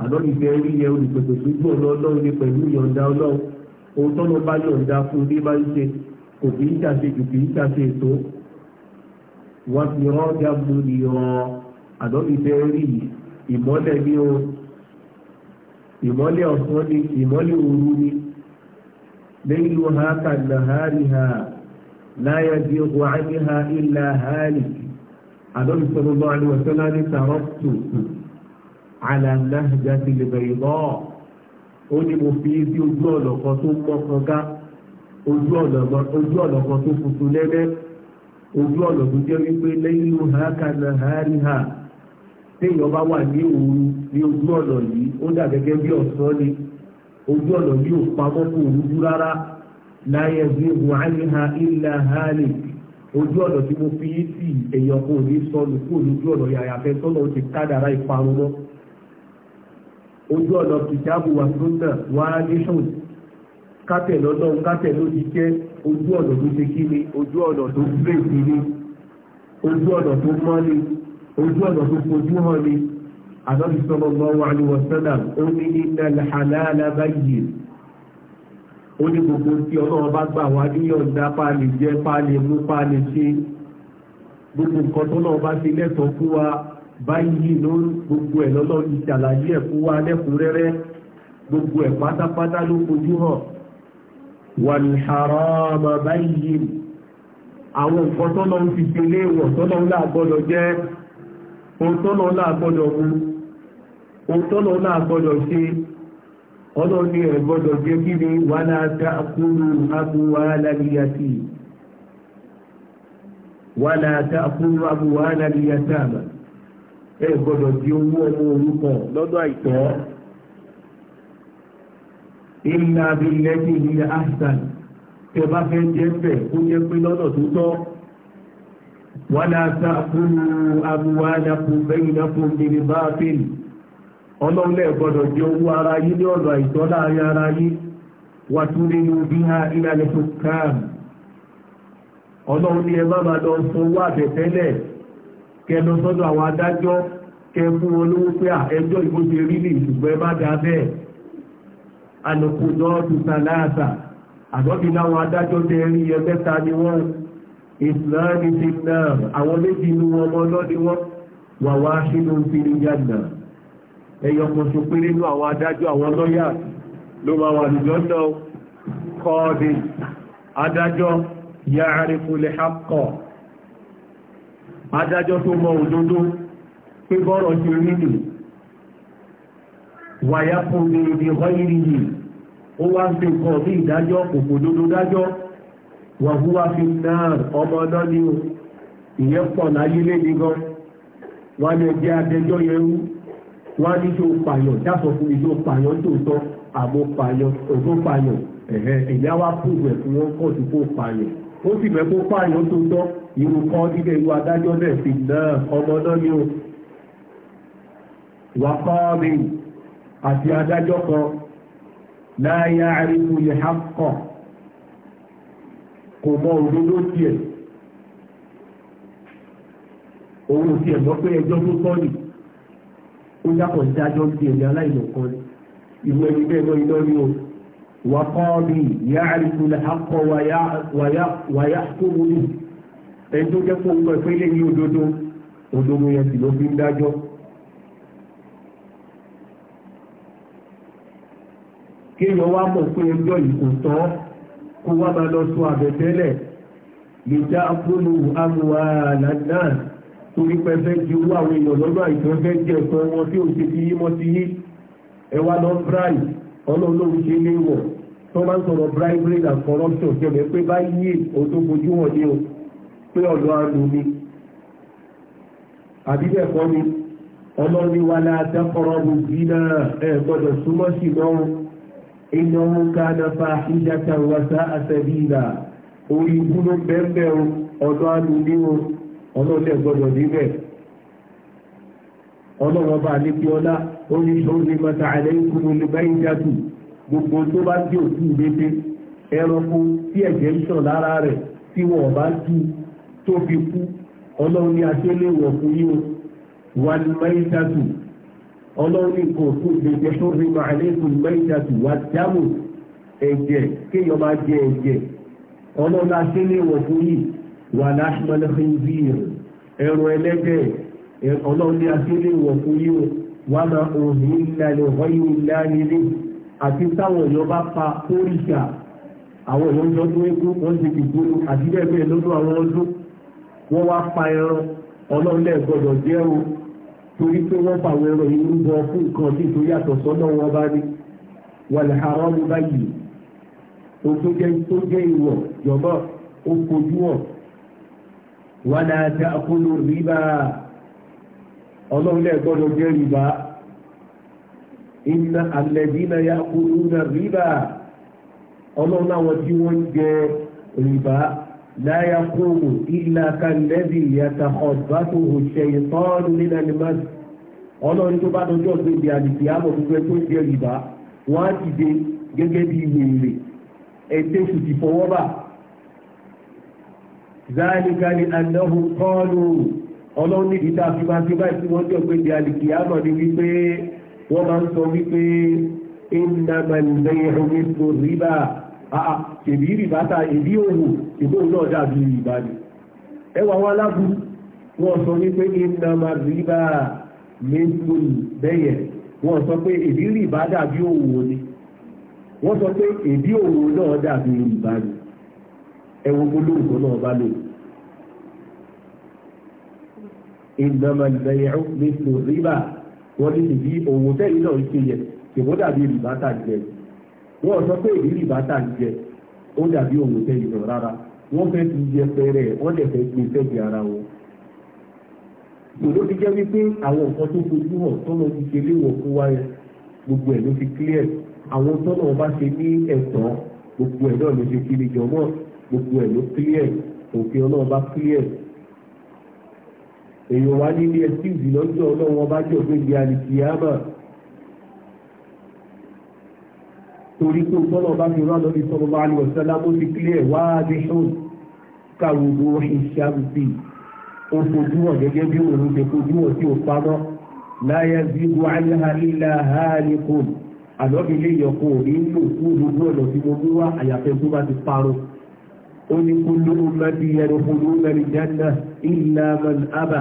àlọ́bí bẹ́ẹ̀ rí yẹ olùpèpè sójú ọ̀nà ọlọ́run ní pẹ̀lú ìyọ̀ǹda ọlọ́run ohun tọ́nà bá yọ̀ǹda ni rọ́ọ̀ àdọ́bí tẹ rí ìmọ́lẹ̀ ní o ìmọ́lẹ̀ ọ̀sán ni ìmọ́lẹ̀ òru ni lẹ́yìn ha kàdà hàrí ha láyà di ọkọ̀ àní ha ilà hàrí àdọ́bí sọ̀rọ̀ bá àlùwà sọ́lá ní tàrọ́pù àlànà jàdí lè bẹ̀rẹ̀ bọ́ ó ní mo fi sí ojú ọ̀nà kan tó mọ́ kan ká ojú ọ̀nà kan tó funfun lẹ́lẹ́ ojú ọ̀nà tó jẹ́ wípé lẹ́yìn ha kàdà hàrí ha. téèyàn bá wà ní òru ní ojú ọ̀nà yìí ó dà gẹ́gẹ́ bí ọ̀sán ni ojú ọ̀nà yìí ò pamọ́ kó rújú rárá láyé bí wàhálà ilà hálì ojú ọ̀nà tí mo fi sí èèyàn kò ní sọnù kó lójú ọ̀nà fẹ́ sọ́nà ó ti ìparun mọ́ ojú ọ̀nà kìjáàbù wà wà á ní sùn kátẹ̀ kátẹ̀ ojú ọ̀nà tó fojú hàn ni ànábi sallallahu alaihi wasallam ó ní innal halala bayyin ó ní gbogbo tí ọlọ́run bá gbà wá níyọ̀ǹda páàlì jẹ́ páàlì mú páàlì ṣe gbogbo nǹkan tó náà bá ṣe lẹ́tọ̀ọ́ fún wa báyìí ló ń gbogbo ẹ̀ lọ́lọ́ ìṣàlàyé ẹ̀ fún wa lẹ́kùnrẹ́rẹ́ gbogbo ẹ̀ pátápátá ló fojú hàn wal harama báyìí àwọn nǹkan tó náà ń ṣe léèwọ̀ tó náà ụtọ náà gbọ́dọ̀ mú òótọ́lọ́ náà gbọ́dọ̀ ṣe ọlọ́ni ẹ̀ gbọ́dọ̀ jẹ́ kí ni wà láta kúrú abúwá wà kúrú abúwá àmà ẹ̀ gbọ́dọ̀ jẹ́ owó ọmọ orúkọ lọ́dọ̀ àìtọ́ tẹ ولا تأكلوا أموالكم بينكم بالباطل ọlọ́run lè gbọdọ̀ jẹ owó ara yín ní ọ̀rọ̀ àìtọ́ láàrin ara yín wà tún nínú bí ha ìlànà tó káàmù ọlọ́run ní ẹ má máa lọ sọ owó àbẹ̀tẹ́lẹ̀ kẹ lọ sọ́dọ̀ àwọn adájọ́ kẹ fún wọn lówó pé ẹjọ́ ìbò ṣe rí ní ẹ má bẹ́ẹ̀ náà láwọn adájọ́ tẹ rí ẹ mẹ́ta ni wọ́n ìsìláàmì ti náà àwọn méjì inú wọn ọmọ ọlọ́ni wọ́n wà wá sínú fílí yàgbà ẹ̀yọ̀ kan ṣo pé nínú àwọn adájọ́ àwọn lọ́yà ló máa wà lùjọ́ kọ́ọ̀dì adájọ́ adájọ́ tó mọ òdodo pé bọ́rọ̀ ti rí nì ń bí wàhúwà fi náà ọmọ náà ni o ìyẹn pọ̀ láyé lédi gan wọ́n lè jẹ́ adẹjọ́ yẹn wú wọ́n á ní tó pààyàn dáàbò fún mi tó pààyàn tó tọ́ pààyàn òtó pààyàn ẹ̀hẹ́ ìyá wa pòwò ẹ̀ fún wọn kọ́ tó kó pààyàn ó sì fẹ́ kó pààyàn tó tọ́ kan nílẹ̀ irú adájọ́ náà fi náà ọmọ náà ni o wàkọ́ọ̀mì àti adájọ́ kan láyé àríwú yìí hákọ̀ọ́ kò mọ òdodo tiẹ̀ owó tiẹ̀ lọ pé ẹjọ́ tó tọ́ nì ó yàtọ̀ dájọ́ ti ẹ̀yà aláìmọ̀kan ìwé ẹni bẹ́ẹ̀ lọ iná ni o wà kọ́ mi ìyá àríkù lè akọ wàyà tó wù ní ẹni tó jẹ́ fún ọmọ ẹ̀fẹ́ lé ní òdodo òdodo yẹn sì ló fi ń dájọ́. kéèyàn wá mọ̀ pé ẹjọ́ yìí kò tọ́ kó wá máa lọ sọ àbẹ̀tẹ́lẹ̀ lè já akúlù amúwa àlànà torí pé fẹ́ ju owó àwọn èèyàn lọ́dọ̀ àìsàn fẹ́ jẹ ẹ̀kọ́ wọn tí ò ṣe fi yí mọ́ sí yí ẹwà lọ bíráì ọlọ́ọ̀lọ́run ṣe lé wọ̀ tó máa ń sọ̀rọ̀ bribery and corruption jẹ́mẹ̀ pé bá yí òun tó fojú wọn ní o pé ọ̀dọ́ àánú mi àbíbẹ̀kọ́ ni ọlọ́ọ̀ni wa la taqrabu zina ẹ̀ gbọ́dọ̀ súnmọ́ sí lọ́rùn إنه كان فاحشة وساء سبيلا ويقول بمبه ọlọ́run o ọlọ́run lè gbọdọ̀ níbẹ̀ ọlọ́run ọba àlejò ọlá oníṣẹ́ omi mọ́ta àlẹ́kùn olùbáyìí jàdù ẹranko tí ẹ̀jẹ̀ ń sàn lára tí bá tó fi kú fún yín ọlọ́run kò fún gbèsè tó rí màálẹ́kùn mẹ́ta tó wá dámù ẹ̀jẹ̀ kéèyàn máa jẹ ẹ̀jẹ̀ ọlọ́run aṣẹ́lẹ̀ wọ̀ fún yìí wà láṣmọ́lẹ́ khinzir ẹ̀rọ ẹlẹ́dẹ̀ ọlọ́run aṣẹ́lẹ̀ wọ̀ fún yìí wà máa òhìn ìlànà ọ̀hìn ìlànà ilé àti táwọn èèyàn bá pa kórìṣà àwọn èèyàn lọ́dún eégún wọ́n ti dìbò àti bẹ́ẹ̀ bẹ́ẹ̀ lọ́dún àwọn ọdún wọ́n wá pa ẹran ọlọ́run lẹ́ẹ̀gbọ́dọ̀ jẹ́ torí pé wọ́n bá àwọn ẹran inú bọ fún nǹkan tí ìtòrí àtọ̀sọ́ náà wọ́n bá ní wàlẹ̀ àárọ̀ ní báyìí ohun tó jẹ́ tó jẹ́ ìwọ̀ jọ̀mọ́ ó fojú hàn wàlẹ̀ àti àkóló rìbá ọlọ́run lẹ́ẹ̀gbọ́dọ̀ jẹ́ rìbá iná àlẹ́dínà yà kúrú náà rìbá ọlọ́run láwọn tí wọ́n ń jẹ لا يقوم إلا كالذي يتخبطه الشيطان من المس ọlọ́run tó bá dọjọ́ pé ibi àdìsí àmọ̀ gbogbo tó jẹ́ rìbá wọ́n á ti dé gẹ́gẹ́ bí wèrè ẹ̀tẹ́ sì ti fọwọ́ bà. záàlìkàlì àdáhù kọ́ọ̀lù ọlọ́run níbi tá a fi báyìí tí wọ́n jọ pé ibi àdìsí àmọ̀ ni wípé wọ́n máa ń sọ wípé ìnàmàlẹ́yìn omi àà ah, ah, èbí rìbátà èbí òhù ìbò náà dàbí rìbá ni ẹwà wọn aláburú wọ́n sọ wípé ìnàmà rìbá mẹ́tòlù bẹ́yẹ̀ wọ́n sọ pé èbí rìbá dàbí òwò ni wọ́n sọ pé èbí òwò náà dàbí rìbá ni ẹwọ́n gbólóògbó náà bá lò ìnàmà ìbẹ̀yẹ̀ mẹ́tòlù rìbá wọ́n ní ìbí òwò tẹ́yìn náà ń ṣe yẹ ìbò dàbí rìbá tà jẹ́ wọ́n sọ pé ìrírí ìbátà ń jẹ ó dàbí òun tẹ ìlọ rárá wọ́n fẹ́ fi jẹ pẹrẹ wọ́n dẹ̀ fẹ́ fi fẹ́ẹ̀dì ara wọn. ìṣòro ti jẹ́ wípé àwọn nǹkan tó fojú hàn tọ́nà ti ṣe léwọ̀ fún wa yẹn gbogbo ẹ̀ ló fi clear àwọn tọ́nà ọba ṣe ní ẹ̀tọ́ gbogbo ẹ̀ náà ló ṣe kiri jọmọ́ gbogbo ẹ̀ ló clear òfin ọlọ́ọ̀ba clear èèyàn wá nílé ẹtí ìdìlọ́jọ́ ọlọ́wọ́ bá jọ gbé torí pé gbọ́nà bá fi rán lórí sọ́mọ́ bá ní ọ̀sẹ́lá ó ti kílẹ̀ wá ní ṣóòn káwùgbò ìṣàmùbí ó fojú hàn gẹ́gẹ́ bí òun ṣe fojú hàn sí òpamọ́ láyé zígbó àyíká líla hàálì kò àlọ́bí lè yọ kó ní lò fún gbogbo ọ̀nà tí mo mú wá àyàfẹ́ tó bá ti parọ́ ó ní kó lóun mẹ́bí ẹnu fún mẹ́rin jẹ́nà ìlà mẹ́rin ábà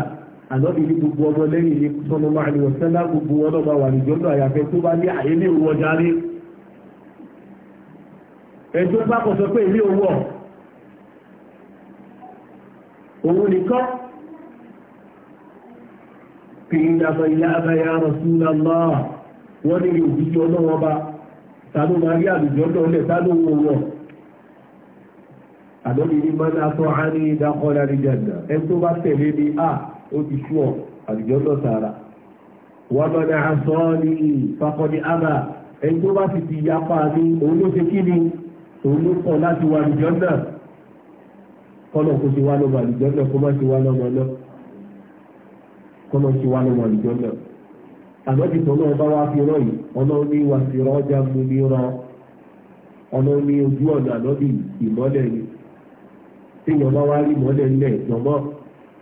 àlọ́bí ní gbogbo ọmọ lẹ́yìn ní sọ́mọ́ bá ní ọ̀sẹ́lá gbogbo ọlọ́ba ẹjọ́ pápọ̀ sọ pé ilé owó òun nìkan kìí àfà ilá abáyá Rasulullah wọ́n ní òbíjì ọlọ́wọ́ bá tàbí máa rí àlùjọ́ lọ́lẹ̀ tàbí owó wọ̀ àdọ́bí ní máa náà tọ́ á ní ìdákọ́lá ní jẹ̀dà ẹ tó bá tẹ̀lé ní à ó ti sú ọ àlùjọ́ lọ tààrà wọ́n máa náà sọ ọ́ ní fakọ́ ní àmà ẹ bá sì ti yapa ní òun ló ṣe kí ni òun ló kọ́ láti wà àlùjọ náà kọ́nà kó ti wá lọ́mọ àlùjọ náà kó má ti wá lọ́mọ náà kọ́nà ti lọ́mọ náà fi rọ́ yìí ní wà sí mú ní rọ ọlọ́run ní ojú ọ̀nà ànábì ìmọ́lẹ̀ ni tí yọ̀bá wá rí ìmọ́lẹ̀ ńlẹ̀ jọ̀mọ́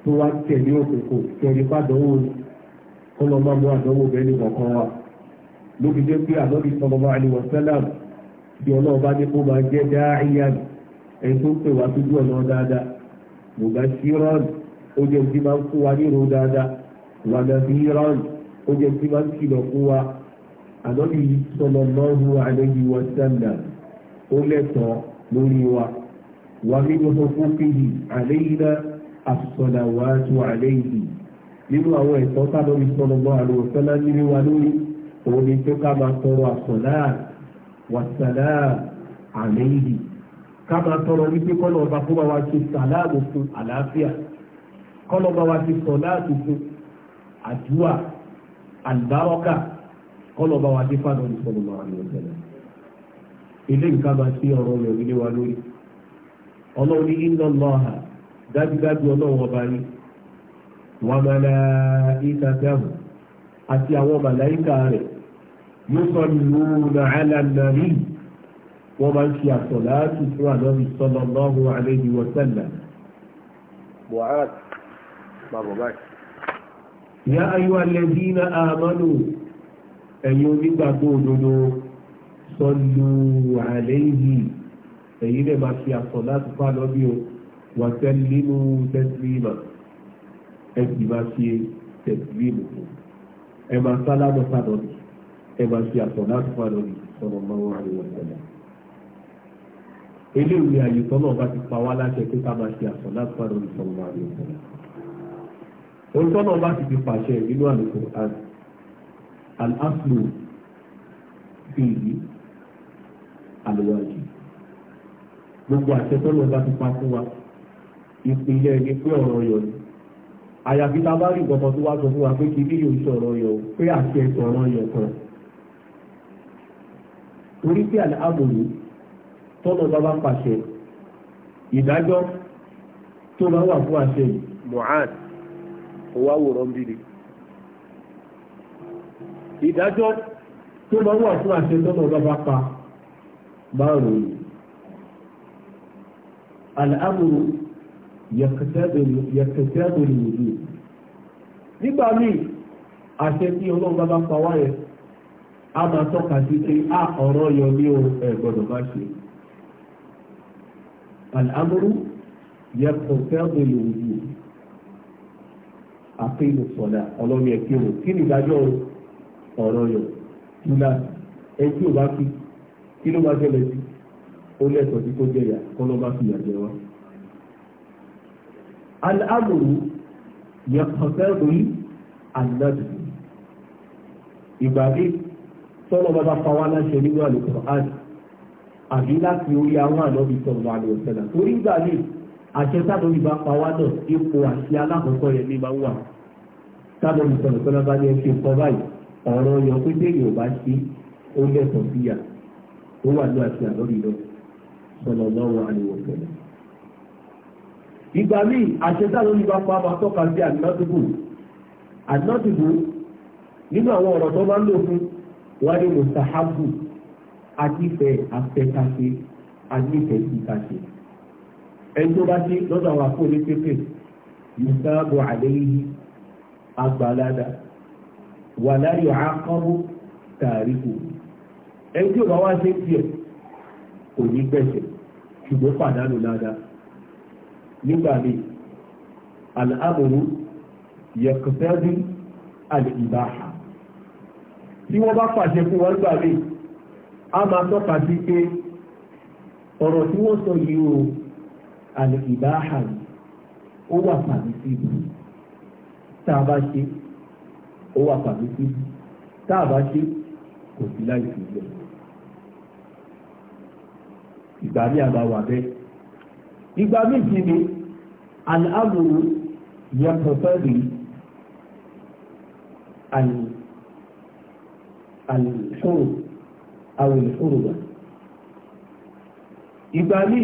tó wá tẹ̀lé òkùnkùn tẹ̀lé fàdánwò mú àdánwò wa lókè jẹ́ pé ànábì sọ̀rọ̀ bá bí ọlọ́run bá ní kó máa jẹ́ dáhìyá ni ẹni tó ń pè wá sójú ọ̀nà dáadáa bùbá ṣírọ́ọ̀nù ó jẹ́ ti máa ń fún wa nírò dáadáa wàdà sí rọ́ọ̀nù ó jẹ́ ti máa ń kìlọ̀ fún wa ànọ́bì sọ̀nà lọ́rù àlejò wa sàndà ó lẹ́tọ̀ọ́ lórí wa wà nínú fún fìhì àléyìnà àsọ̀nà wà tó àléyìnì nínú àwọn ẹ̀tọ́ sábà ní sọ̀nà lọ́rù àlejò wa sàndà wàsálàm àlẹ́yìí ká máa tọrọ wípé kọ́nà ọba kó bá wa ṣe sàlámù fún àlàáfíà kọ́nà ọba wa ṣe sọ̀láàtù fún àdúrà àlùbárọ́kà kọ́nà ọba wa ṣe fáwọn olùsọ̀rọ̀ máa ní ọ̀sẹ̀ náà. ilé nǹkan máa ṣe ọ̀rọ̀ rẹ̀ nílé wa lórí ọlọ́run ní iná dájúdájú ọlọ́run ọba yìí wàmàlà ìtàkàmù àti àwọn màláìkà rẹ̀ يصلون على النبي ومن في صلاة النبي صلى الله عليه وسلم معاذ ما يا أيها الذين آمنوا ẹ̀yin onígbàgbọ́ òdodo sọ́lù àlẹ́yìí ẹ̀yin lè máa fi àsọ̀ láti fà lọ́bí o wà tẹ́línú tẹ́sílímà ẹ sì máa ṣe tẹ́sílímù ẹ máa sálámọ̀ sádọ́dì ẹ máa ṣe àtọ̀nà àtúfà lórí sallallahu alaihi wasallam. eléyìí ni àyè tọ́lọ̀ bá ti pa wá láṣẹ pé ká máa ṣe àtọ̀nà àtúfà lórí sallallahu alaihi wasallam. òótọ́ náà bá ti fi pàṣẹ nínú àlùkò al-aslu fi yìí al-wajib gbogbo àṣẹ tọ́lọ̀ bá ti pa fún wa ìpìlẹ̀ ni pé ọ̀rọ̀ yọ̀ ni àyàfi tá a bá rí nǹkan kan tó wá sọ fún wa pé kí ní yóò ṣọ̀rọ̀ yọ̀ pé àṣẹ sọ̀rọ̀ yọ̀ kan torí pé àmọ̀lù tọ́nà bá bá pàṣẹ ìdájọ́ tó bá wà fún àṣẹ yìí. mohan owó àwòrán bìrì ìdájọ́ tó bá wà fún àṣẹ tọ́nà bá bá pa márùn-ún àmọ̀lù yẹ̀kẹ̀tẹ̀ àbẹ̀lẹ̀ nígbà míì àṣẹ tí ọlọ́run bá pa wáyẹn a máa tọ́ka sí pé a ọ̀rọ̀ yọ ní o ẹ̀ gbọ́dọ̀ má ṣe. àlámúrú yẹ kò fẹ́ mi lò wù àpéyìn sọ̀dà ọlọ́mi ẹ̀kí o kí ni ìdájọ́ ọ̀rọ̀ yọ túlá ẹjú ò bá fi kí ló bá jẹ́ lẹ́sí ó lẹ́tọ̀ọ́ tí kò jẹ̀yà kọ́ ló bá fi yà wá. àlámúrú yẹ kò fẹ́ mi ànádùn ìgbà mi tọ́lọ́ bàbá pa wá láṣẹ nínú àlùkùránì àbí láti orí àwọn ànábì sọ̀rọ̀ àlè ọ̀sẹ̀là torí gbà ní àṣẹ sábòbí bá pa wá náà ipò àṣẹ alákọ̀ọ́kọ́ yẹn ní máa ń wà sábòbí sọ̀rọ̀ sọ́lá bá ní ẹ ṣe kọ́ báyìí ọ̀rọ̀ yọ pé téèyàn ò bá ṣe ó lẹ́tọ̀ọ́ síyà ó wà ní àṣẹ ànábì náà sọ̀rọ̀ ìgbà míì àṣẹta lórí bá pa máa tọ́ka sí ànádùbù ànádùbù nínú àwọn ọ̀rọ̀ tó máa ń lò fún wọ́n ní mustahabu àtìfẹ́ afẹ́kàṣe àtìfẹ́ ìkàṣe ẹni tó bá ṣe lọ́dọ̀ àwọn àpò ní pépè yusabu alayhi agbalada wala yu'aqabu tàríkù ẹni tí ò bá wá ṣe tiẹ̀ kò ní gbẹ̀ṣẹ̀ ṣùgbọ́n pàdánù ládàá nígbà míì al'amuru yaqtadi al'ibaha tí wọ́n bá pàṣẹ fún wọn gbà mí a máa tọ́ka sí pé ọ̀rọ̀ tí wọ́n sọ yìí o àlè ìbáhà ó wà pàdé sí ibi tá a bá ṣe ó wà pàdé sí ibi tá a bá ṣe kò sí láì sí ilẹ̀ ìgbà mi àbá wà bẹ́ẹ̀ ìgbà mi sì ni àlè àbúrò yẹ pọ̀ fẹ́ àlè àlùfòrò àwòlùfòrò gbà. ìgbà míì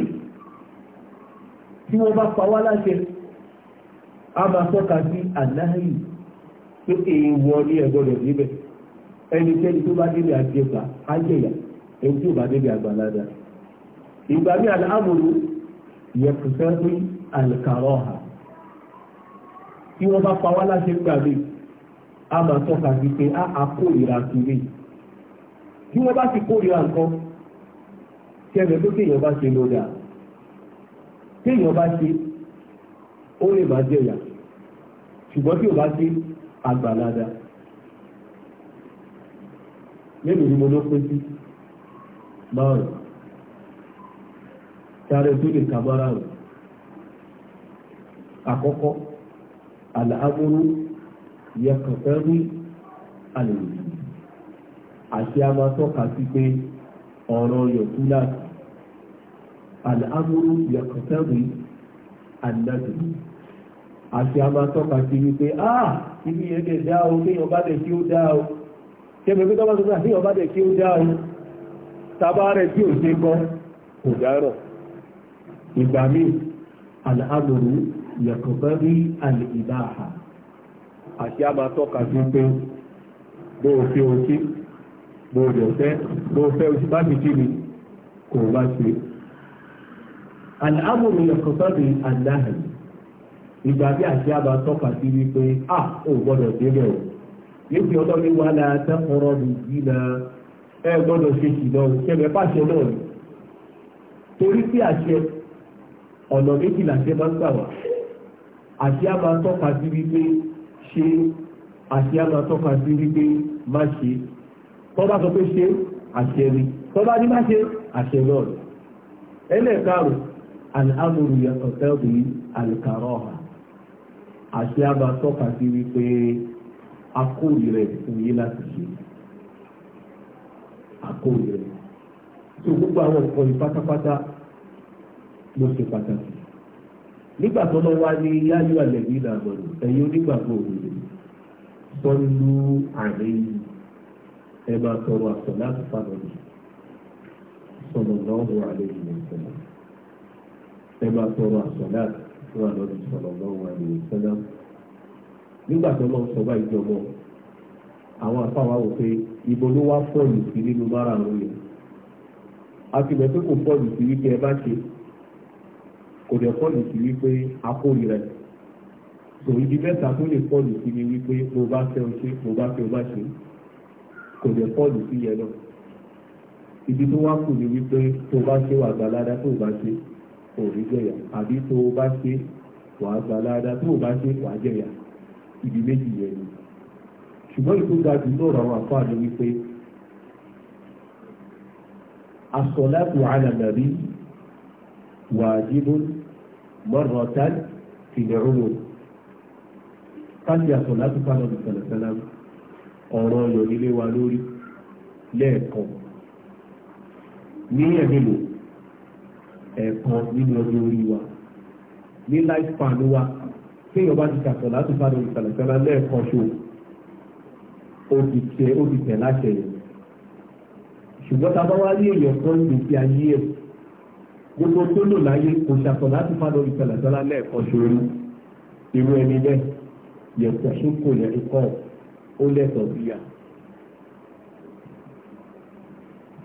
tí wọ́n bá pa wá láṣẹ a máa tọ́ka sí àdáhìí pé èèwọ̀ ní ẹ̀gbọ́dọ̀ níbẹ̀ ẹnikẹ́ni tó bá débi àjẹgbà á jẹ̀yà ẹni tí ò bá débi àgbàlagbà. ìgbà míì àlámòrò yẹ̀kùsẹ́ pé àlùkàrọ̀ ọ̀hà tí wọ́n bá pa wá láṣẹ gbà a máa tọ́ka sí pé a á kórìíra kiri bí wọ́n bá ti kórìíra nǹkan tí ẹgbẹ́ tó kéèyàn bá ṣe lóda kéèyàn bá ṣe ó lè má jẹ̀yà ṣùgbọ́n tí ò bá ṣe àgbàlada mélòó ni mo ló pé sí márùn sáré tó lè ka márùn àkọ́kọ́ àlàámúrú yẹkànfẹ́rí àlèyé àti a máa tọ́ka sí pé ọ̀rọ̀ yọ̀kú láti àlàámúrú yẹkànfẹ́rí àdínàdì àti a máa tọ́ka sí wípé ah ibi yẹn dẹ̀ dá o kéèyàn bá dẹ̀ kí ó dá o kẹ́mi pé tọ́ba tó dá kéèyàn bá dẹ̀ kí ó dá o tábà rẹ̀ tí ò ṣe gbọ́ kò dárọ̀ ìgbà míì àlàámúrú yẹkànfẹ́rí àlè ìbáhà àti a máa tọ́ka sí pé bó o fi ohun sí bó o lọ fẹ́ bó o fẹ́ oṣù bá mi kí mi kò bá ṣe. àlàámù mi ọ̀kan sábì àdáhà ìgbà bí àti a máa tọ́ka sí wípé a ò gbọ́dọ̀ débẹ̀ o yéèkì ọlọ́ni wà láà tẹ́kọ̀ọ́rọ́ mi yìí na ẹ gbọ́dọ̀ ṣe ṣìnà kẹ́mẹ́ pàṣẹ náà ni torí sí àṣẹ ọ̀nà méjìlá ṣe máa ń gbà wá àti a máa tọ́ka ṣe àṣẹ àmà tọ́ka sí wípé má ṣe tó bá sọ pé ṣe àṣẹ rí tó bá ní má ṣe àṣẹ náà rí ẹlẹ́ẹ̀karùn aláàmúrú yàtọ̀ tẹ́bù alìkàrọ̀ ọ̀hà àṣẹ àmà tọ́ka sí wípé akóòlì rẹ̀ fún yín láti ṣe akóòlì rẹ̀ tó gbogbo àwọn nǹkan yìí pátápátá ló ṣe pàtàkì nígbà tó lọ wá ní yáyú àlẹ́bí ìdàgbọ̀nù ẹ̀yin onígbàgbọ́ òwúrọ̀ sọ́nù àárín ẹ máa tọrọ àtọ̀ láti fàmọ́lì sọ̀nà lọ́wọ́ àlẹ́ ìwọ̀sọ̀lá ẹ máa tọrọ àtọ̀ láti fún àlọ́dún sọ̀nà lọ́wọ́ àlẹ́ ìwọ̀sọ̀lá nígbà tó lọ sọ báyìí jọmọ àwọn afáwa wò pé ibo ló wá fọ́ọ̀lù sí nínú márààrún yẹn a ti mọ̀ pé kò fọ́ọ̀lù sí wípé ẹ bá ṣe kò dẹ̀ fọ́ọ̀lù sí wípé apórí rẹ̀ tò ibi mẹ́ta tó lè fọ́ọ̀lù sí ni wípé mo bá fẹ́ o ṣe mo bá fẹ́ o má ṣe kò dẹ̀ fọ́ọ̀lù sí yẹn náà ibi tó wá kù ni wípé tó bá ṣe wà gbalada tó bá ṣe ò ní jẹ̀yà àbí tó bá ṣe wà gbalada tó bá ṣe wà jẹ̀yà ibi méjì yẹn ni ṣùgbọ́n ìkóga jù lọ́rọ̀ àwọn àfáàní wípé asọ̀látù alànàbí wàjibun marratan fil umur káàdì àsọ̀látù fáwọn ìsọ̀lẹ̀sẹ̀lá ọ̀rọ̀ ọ̀yọ̀ nílé wa lórí lẹ́ẹ̀kan ní ẹ̀mílò ẹ̀ẹ̀kan nínú ọjọ́ orí wa ní life fan wa kéèyàn bá ti sàsọ̀látù fáwọn ìsọ̀lẹ̀sẹ̀lá lẹ́ẹ̀kan ṣo ó ti tẹ̀ ó ti tẹ̀ láṣẹ yẹn ṣùgbọ́n tá a bá gbogbo tó lò láyé kò ṣàtọ̀ láti fádọ́ ìtẹ̀lẹ̀sọ́lá lẹ́ẹ̀kan ṣorí irú ẹni bẹ́ẹ̀ yẹ̀pọ̀ ṣókò lẹ́rí kọ́ ó lẹ́tọ̀ bíyà.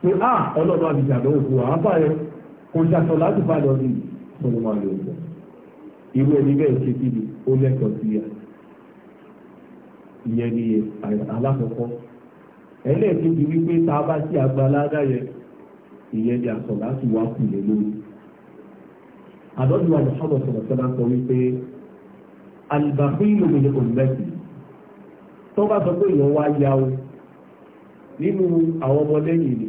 pé a ọlọ́run àbíjà ló ń fò àbá yẹn kò ṣàtọ̀ láti fádọ́ ní sọ́nùmá ló ń bọ̀ irú ẹni bẹ́ẹ̀ ṣe kí ni ó lẹ́tọ̀ bíyà. ìyẹn ni alákọ̀ọ́kọ́ ẹlẹ́ẹ̀kejì wípé tá a bá sí àgbàlá yẹn ìyẹn ni àsọ̀lá ti wá kù lé lórí. àdọ́dúnwà Muhammad sọ̀rọ̀ sọ́lá sọ wípé alìbàfínlò mi ni òmìnẹ́sì tó bá sọ pé èèyàn wá ya o nínú àwọn ọmọlẹ́yìn ni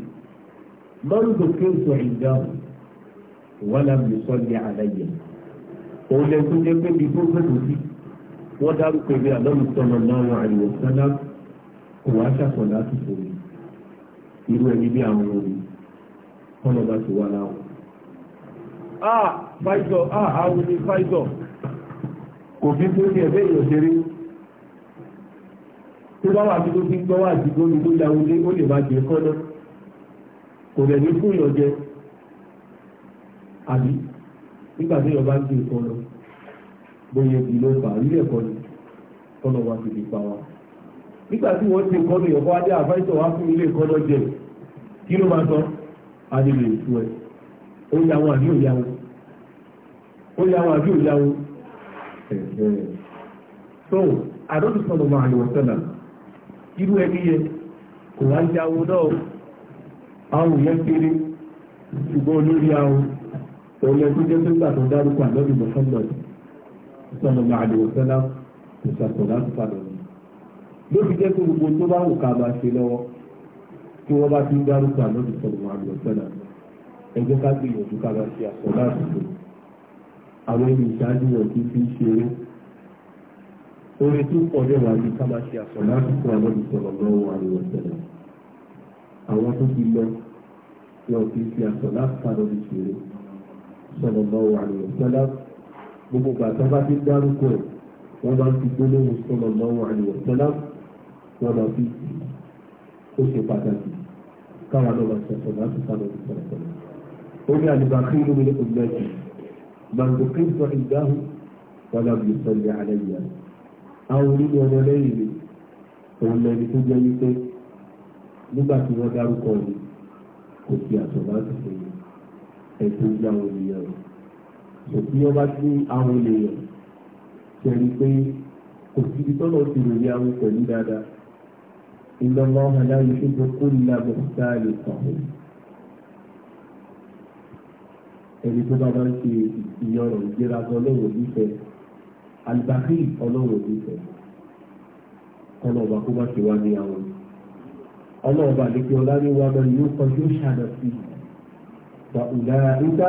mọ́rùndò kéwùsọ̀ ìdáhùn wọ́n làm ní sọ́ọ̀lì àlàyé òun lè tó jẹ́ pé bí tó gbèsè sí wọ́n dárúkọ ìwé àlọ́run sọ̀rọ̀ náà àìwọ̀ sọ́lá kò wá ṣàkọ̀lá tó fòrè irú ẹni bí kọ́nà bá ti wá láwọn. ah Pfizer ah àwọn ni Pfizer kò fi tó ní ẹgbẹ́ èèyàn ṣeré tó bá wà tó fi gbọ́ wà sí gómi tó yà wọlé ó lè má jẹ kọ́nà kò rẹ̀ ní fún ìyànjẹ àbí nígbà tí ìyànjẹ bá ń gbé ìkọlọ bóyá ibi ló fà rí ẹ̀kọ́ ni kọ́nà wa ti di pa wa nígbà tí wọ́n ti kọ́nà ìyànjẹ wá dé àfáìsọ̀ wá fún ilé ìkọ́nà jẹ kí ló máa sọ adìrẹ ìfú ẹ ó yàwó àbí òyàwó ó yàwó àbí òyàwó ẹ̀ẹ́ so àdọ́tù sọ̀rọ̀ máa lè wọ̀sẹ̀là irú ẹni yẹ kò wá yàwó náà àwọn yẹn kéré ṣùgbọ́n olórí àwọn òun ẹni tó jẹ́ tó gbà tó dárúkọ àdọ́tù Muhammad sọ̀rọ̀ máa lè wọ̀sẹ̀là kò ṣàtọ̀ láti padà ní ló jẹ́ kó gbogbo tó bá wù ká máa ṣe lọ́wọ́ tí wọ́n bá ti ń dárúkọ ànábì sọ̀rọ̀ wọn àlọ́ sọ́dà ẹgbẹ́ ká gbìyànjú ká máa ṣe àsọ láti lò àwọn ẹni ìṣáájú wọn ti fi ń ṣeré orin tí ń pọ̀ dẹ̀ wá ní ká máa ṣe àsọ láti fún ànábì sọ̀rọ̀ wọn àlọ́ sọ́dà àwọn tó ti lọ wọn ti fi àsọ láti ká lọ́ọ́ ṣeré sọ̀rọ̀ wọn àlọ́ sọ́dà gbogbo gbàtọ́ bá ti dárúkọ ẹ̀ bá ń fi gbólóhùn sọ̀rọ̀ wọn àlọ́ sọ́dà wọ́n lọ fi ó ṣe pàtàkì káwa lọ́wọ́ sọ̀tọ̀ láti sáré ní sọ̀tọ̀. ó ní àlùbákí inú mi ní ọ̀gbẹ́jì màndùkí sọ ìdáhùn wàlá mi sọ̀lẹ̀ alẹ́ yìí àná. àwọn onínú ọmọ lẹ́yìn mi òun lẹ́ni tó jẹ́ wípé nígbà tí wọ́n dárúkọ mi kò sí àtọ̀ láti fẹ́ ẹ̀tọ́ ní àwọn ènìyàn rẹ̀. òbí ọba ní àwọn ènìyàn ṣẹ̀rí pé kò síbi tọ́lọ̀ ti rò ní àwọn pẹ̀lú dáadáa إن الله لا يحب كل مختال فخور ẹni tó bá bá ń ṣe ìyọrọ ìgbéraga ọlọ́run nífẹ̀ẹ́ alibaki ọlọ́run nífẹ̀ẹ́ ọlọ́ọ̀bà kó má ṣe wá ní àwọn ọlọ́ọ̀bà lẹ́kẹ́ ọláníwá náà yóò kọjú ṣàdá sí i gba ìlara nígbà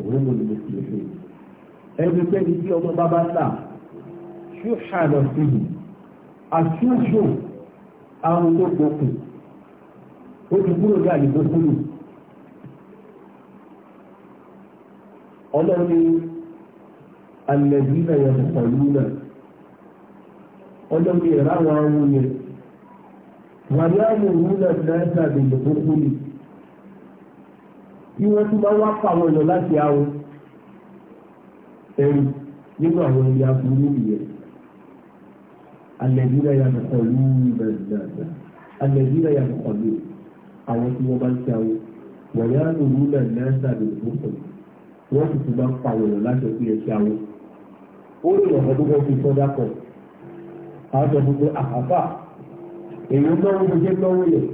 òun mò ní mo sì ẹni pẹ́ni tí ọmọ bàbá sà ṣó ṣàdá sí i àṣùṣò àwọn tó gbòkù ó ti kúrò ní àyíkó kúrò ọlọ́ni alẹ́bínà yẹn pẹ̀lú náà ọlọ́ni ìráwọ̀ àwọn yẹn wàlúwàlú rúnà náírà lè tó kúrò bí wọ́n tún bá wá pa àwọn ọ̀nà láti àwọn ẹ̀rù nínú àwọn ẹ̀yà burú nìyẹn alẹ́bíra ya nìkan ló ń bẹ̀rẹ̀ dáadáa alẹ́bíra ya nìkan ló àwọn tí wọ́n bá ń ṣe àwọn wọ̀nyá lòlú náà náà sàbẹ̀ ìfúnfún wọ́n sì tún máa ń pa wọ̀nyọ̀ láti ọ̀pẹ ẹ̀ṣẹ̀ àwọn. ó ní ọ̀pọ̀ tó wọ́n fi sọ́dá kan àwọn sọ fún pé àkàfà èèyàn náwó ló jẹ́ náwó yẹn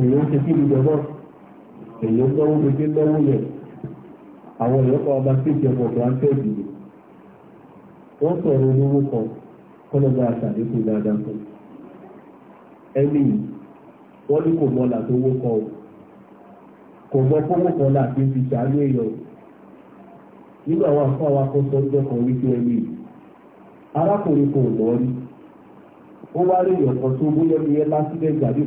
èèyàn ti kí ìjọ náà èèyàn náwó ló jẹ́ náwó yẹn àwọn èèyàn ọba sí ìjọba ọ̀dọ̀ àńtẹ́ẹ̀dì yìí wọ́n sọ̀rọ̀ olówó kan kọ́lọ́gbà àṣàdékù dáadáa ẹni wọ́n ní kò mọ́là tó wó kò mọ́ fọ́wọ́ kan láti fi ṣàánú èèyàn nínú àwọn àfọ́ àwọn akọ́sọ́ ọjọ́ kan wípé ẹni arákùnrin kò mọ́ rí rí èèyàn bóyá ní ẹ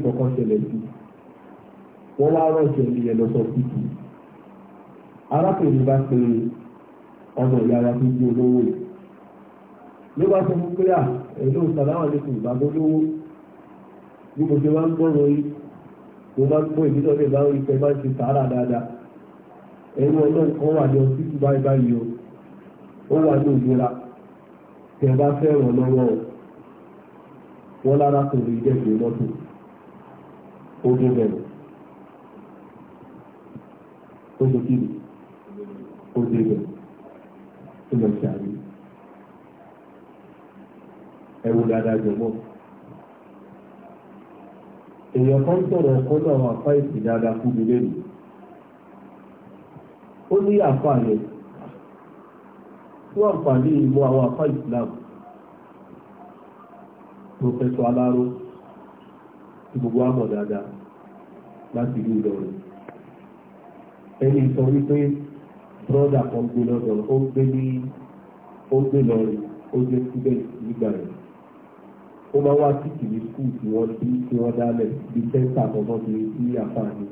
kọ̀ọ̀kan ṣẹlẹ̀ ló bá sọ fún pé à ẹ̀lú sàlámà lè fún ìbàgbọ́ lówó bí mo ṣe bá ń gbọ́rọ̀ yìí mo bá ń gbọ́ ìbílẹ̀ ọ̀dẹ̀ bá ń rí pé bá ń ṣe sàárà dáadáa ẹ̀rú ọlọ́run kan wà ní ọsítù báyìí báyìí o ó wà ní òmìnira tẹ̀ bá fẹ́ràn lọ́wọ́ wọn lára kò rí dẹ́gbẹ̀ẹ́ lọ́tò ó dé bẹ̀rẹ̀ ó ṣe kí ni ó bẹ̀rẹ̀ ẹ̀wù dáadáa jọ̀gbọ́n. èèyàn kan sọ̀rọ̀ ọ̀kan náà wà fáì sí dáadáa fún mi lẹ́nu. ó ní àǹfààní fún àǹfààní ìmọ̀ àwọn àfá Islam Prọfẹ́sọ̀ Aláró tí gbogbo àmọ̀ dáadáa láti ìlú Ìlọrin. ẹni sọ wípé brọ́dà kan gbé lọ́dọ̀ ó gbé ní ó gbé lọ́rin ó gbé síbẹ̀ nígbà rẹ̀ ó máa wá sí kìíní skul tí wọ́n sí tí wọ́n dálẹ̀ bí sẹ́ńtà àkọ́kọ́ ti sí àfààní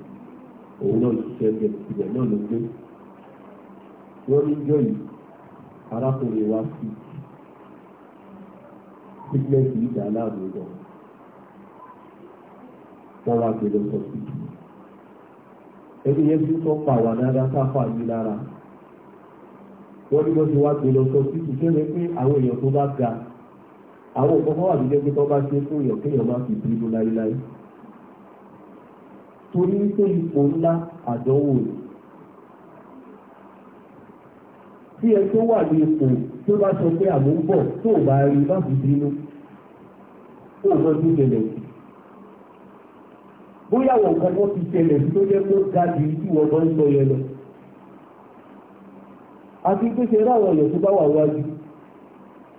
òun náà ṣiṣẹ́ bẹ̀ ibẹ̀ náà ló gbé wọ́n ní jọ yìí arákùnrin wa sí sígmẹ́ǹtì ìdá aláàbò gan wọ́n wá gbé lọ sọ sí ẹni yẹn tún sọ pa wà dáadáa sáfà yìí lára wọ́n ní wọ́n ti wá gbé lọ sọ sí ìṣẹ́lẹ̀ pé àwọn èèyàn tó bá ga àwọn òkú wà nílé pé tó bá ṣe fún èèyàn kéèyàn má fi bínú láéláé torí wípé ipò ńlá àdánwò rẹ̀ tí ẹ tó wà ní ipò tó bá sọ pé àmú ń bọ̀ tó ò bá rí má fi bínú tó ò mọ́tò ṣẹlẹ̀ sí bóyá àwọn nǹkan kan ti ṣẹlẹ̀ sí tó jẹ́ pé ó ga ju ìdí wọn bá ń sọ yẹn lọ àti pé ṣe ráwọn èèyàn tó bá wà wájú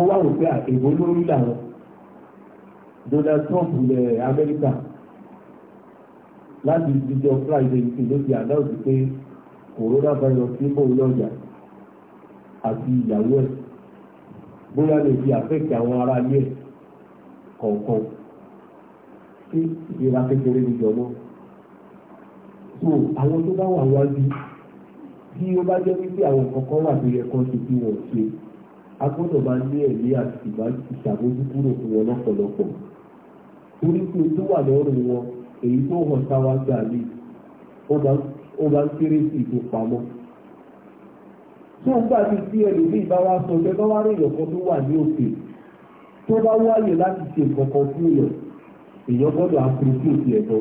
ó wà wò pé àtẹ̀wò lórí làwọn Donald Trump lẹ̀ Amẹ́ríkà láti ìdíjọ Friday ìsìn ló ti àdáwòsí pé coronavirus ní bòun lọ́jà àti ìyàwó ẹ̀ bóyá lè fi àfẹ́kẹ̀ àwọn ará ilé ẹ̀ kọ̀ọ̀kan sí ìlera kékeré níjọba so àwọn tó bá wà wájú tí ó bá jẹ́ wípé àwọn kọ̀ọ̀kan wà tó yẹ kan ṣe tí wọ́n ṣe a gbọ́dọ̀ máa ní ẹ̀mí àti ìṣàmójúkúrò fún wọn lọ́pọ̀lọpọ̀ torí pé tó wà lọ́rùn wọn èyí tó hàn sáwá gbà ní ó bá ń kéré sí ìfowópamọ́ tó ń gbà ní tí ẹlòmíì bá wá sọ pé bá wá rí ìyọ̀kan tó wà ní òkè tó bá wáyè láti ṣe nǹkan kan fún èèyàn èèyàn gbọ́dọ̀ àpòròkè òkè ẹ̀tọ́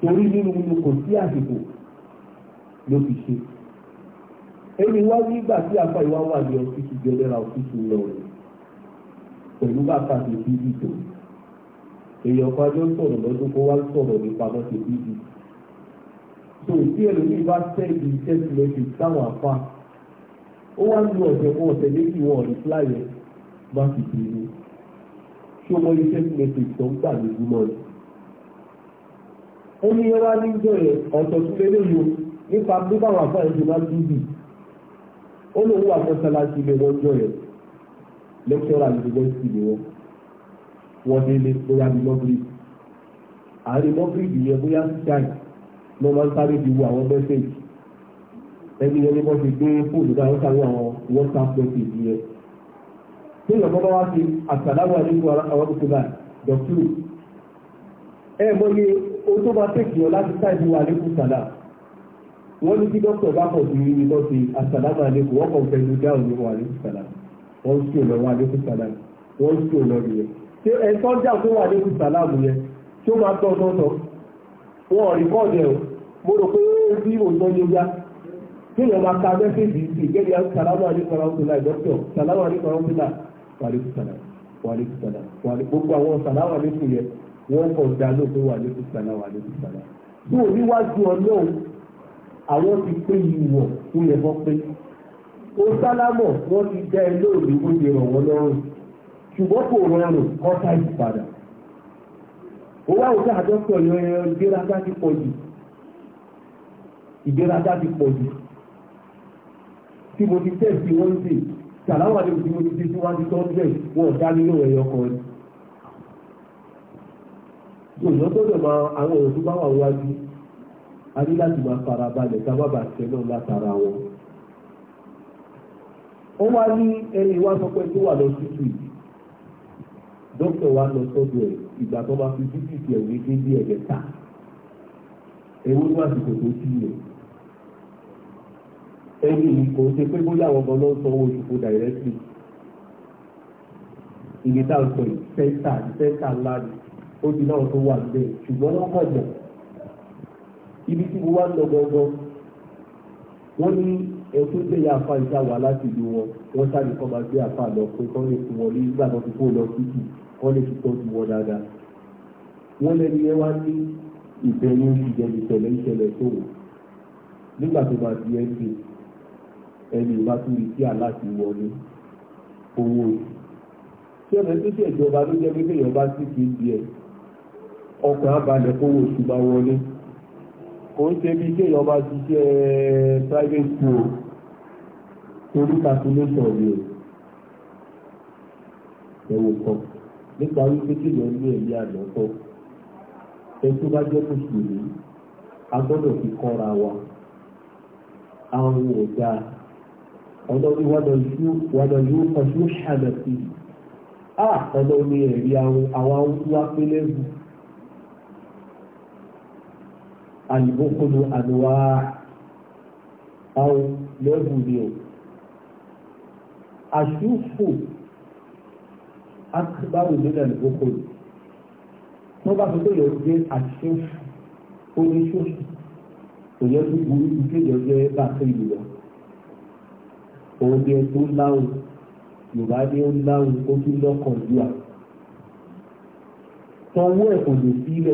torí nínú kò sí àsìkò ló fi ṣe ẹni wá nígbà tí afa ìwà wà ní ọfíìsì general ọfíìsì lọrẹ pẹ̀lú bàtà ti bíbí tó èèyàn kan jọ sọ̀rọ̀ lọ́dún kó wá sọ̀rọ̀ nípa náà ti bíbí tó tí ẹlòmíì bá sẹ́ẹ̀dì text táwọn afa ó wá ní ọ̀sẹ̀ kan ọ̀sẹ̀ méjì wọn reply yẹn má fi bínú ṣé o mọ ní text message tó ń gbà lójúmọ́ ni ó ní ẹ wá níjọ́ yẹn ọ̀sọ̀ tún lé lóyún nípa bí báwọn afa yẹn ti máa bíbí ó lóun wà mọ́sálásí lé wọ́n jọ yẹn lẹ́kítọ́rà ní yunifásitì ni wọ́n wọ́n délé bóyá ní mọ́gírìbì àárín mọ́gírìbì yẹn bóyá ṣáì ló máa ń sáré di wo àwọn mẹ́sẹ̀gì ẹni yẹn ni wọ́n ti gbé fóònù náà wọ́n sáré àwọn whatsapp mẹ́sẹ̀gì yẹn tí ìyọ̀mọ́ bá wá sí àtàláwà nínú àwọn tó bá dọ̀tú ẹ̀ mọ́ iye ohun tó máa tẹ̀kì ọ láti sáì wọ́n ní kí dókítà bá pọ̀ sí ní kọ́ sí asàlámù àlékún wọ́n kàn fẹ́ẹ́ dá òní wọn àlékún sàlámù wọ́n sì ò lọ́wọ́ àlékún sàlámù wọ́n sì ò lọ́wọ́ yẹn ṣé ẹ̀tọ́ jà tó wà àlékún sàlámù yẹn tí ó máa tọ́ tọ́tọ́ wọn ò rí kọ́ọ̀dù ẹ̀ mo rò pé ó bí òótọ́ yóò yá kí lè máa ka mẹ́sẹ̀gì sí ìgbẹ́ni sàlámù àlékún sàlámù dókítà sàlámù àlékún sàlámù wà àlékún sàlámù wà àwọn ti pé ìwọ̀ tó yẹ kọ́ pé ó sálámọ̀ wọ́n ti dá ẹ lóòrè ó lè ràn wọ́n lọ́rùn ṣùgbọ́n kò rọrùn kọ́ta ìpadà ó wá òkè àjọpọ̀ yan ìgbéraga ti pọ̀ jù ìgbéraga ti pọ̀ jù tí mo ti tẹ̀sí wọ́n ń sè sàláwà ni mo ti ti síwájú tó ń bẹ̀ wọ́n dá nínú ẹ̀yọ kan ni. Òṣèlú gbọ́dọ̀ máa àwọn èrò tó bá wà wájú a ní láti máa farabalẹ̀ ká má bàa tẹ̀ náà látara wọn. ó wá ní ẹni wá sọ pé tó wà lọ sí tù dókítà wa lọ sọ́dọ̀ ẹ̀ ìgbà tó máa fi títì tiẹ̀ ní kéde ẹ̀ẹ́dẹ́ta èwo ní àsìkò tó sí ilẹ̀ ẹni kò ṣe pé bóyá àwọn ọmọ náà sanwó oṣù fún dàrẹ́tì ìgbésà ń sọ yìí sẹ́ńtà sẹ́ńtà ńlá ni ó ti náà tó wà níbẹ̀ ṣùgbọ́n wọ́n kọ̀ mọ̀ ibi tí mo wá lọ gbọ̀ngàn wọ́n ní ẹ̀kú tẹ̀ yá afa ìta wà láti ìlú wọn wọ́n sáré kọ́ máa gbé afa lọ pé kọ́ lè fún wọn ní nígbà tó ti kó lọ títì kọ́ lè fi tọ́jú wọn dáadáa wọ́n lẹ́ni yẹn wá ní ìbẹ̀rù ìjẹ̀lẹ̀ ìṣẹ̀lẹ̀ ìṣẹ̀lẹ̀ tó wò nígbà tó máa di ẹ̀sìn ẹni ìbá tún rí sí aláàtì wọlé owó tí ọ̀nà tó ṣèjọba ló jẹ́ pé kéèyàn bá sì kí ń di ẹ̀ ọkùnrin abalẹ̀ kówó oṣù bá wọlé kò ń ṣe bí kéèyàn bá ṣiṣẹ́ private school torí calculation ni o ẹ̀wò kan nípa wípé kéèyàn ní ẹ̀mí àdọ́tọ́ ẹ tó bá jẹ́ mùsùlùmí a gbọ́dọ̀ fi kọ́ra wa àwọn ọ̀gá ọlọ́run wádọ̀yú ọ̀ṣun ṣàdàtì ah ọlọ́run ẹ̀rí àwọn àwọn wá pélébù àlùbókòlù àdùwà àwọn lẹ́bù ni o àṣùfò akíbáwò nílẹ̀ àlùbókòlù tó bá fi tóyọ̀ jẹ́ àṣùfò oníṣòṣì kò yẹ kó burú ju kéèyàn jẹ́ bàtẹ́ ìlú lọ òun ni ẹ tó láwùn yorùbá ní ó láwùn ó tún lọ́kàn jù à tọwọ́ ẹ̀ kò lè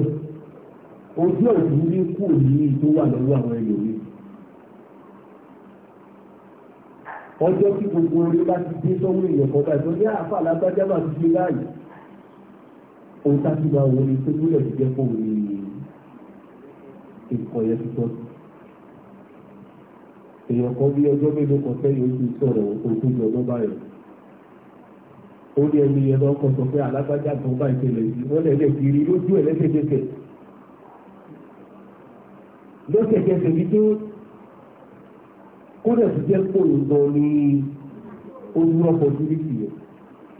ojú ọ̀dùn ní kù ní tó wà lọ́wọ́ àwọn ẹlòmíì. ọjọ́ tí gbogbo orí bá ti dé sọ́wọ́ èèyàn kan báyìí tó ní àáfà ah, lágbájá máa ti dé báyìí. ohun tá a ti máa wọlé tó gbúdọ̀ ti jẹ́ fún mi nǹkan yẹn tuntun. èèyàn kan bí ọjọ́ mélòó kan sẹ́yìn oṣù sọ̀rọ̀ òkúńjọ ọdún báyọ̀. ó ní ẹni yẹn lọ́kọ̀ sọ pé alágbájá ah, kan báyìí tẹ̀lé sí wọ́n lẹ̀ lẹ́ lọ́sẹ̀kẹsẹ̀ wípé kódà tó jẹ́ kóòlù gan ni olú opportunity yẹn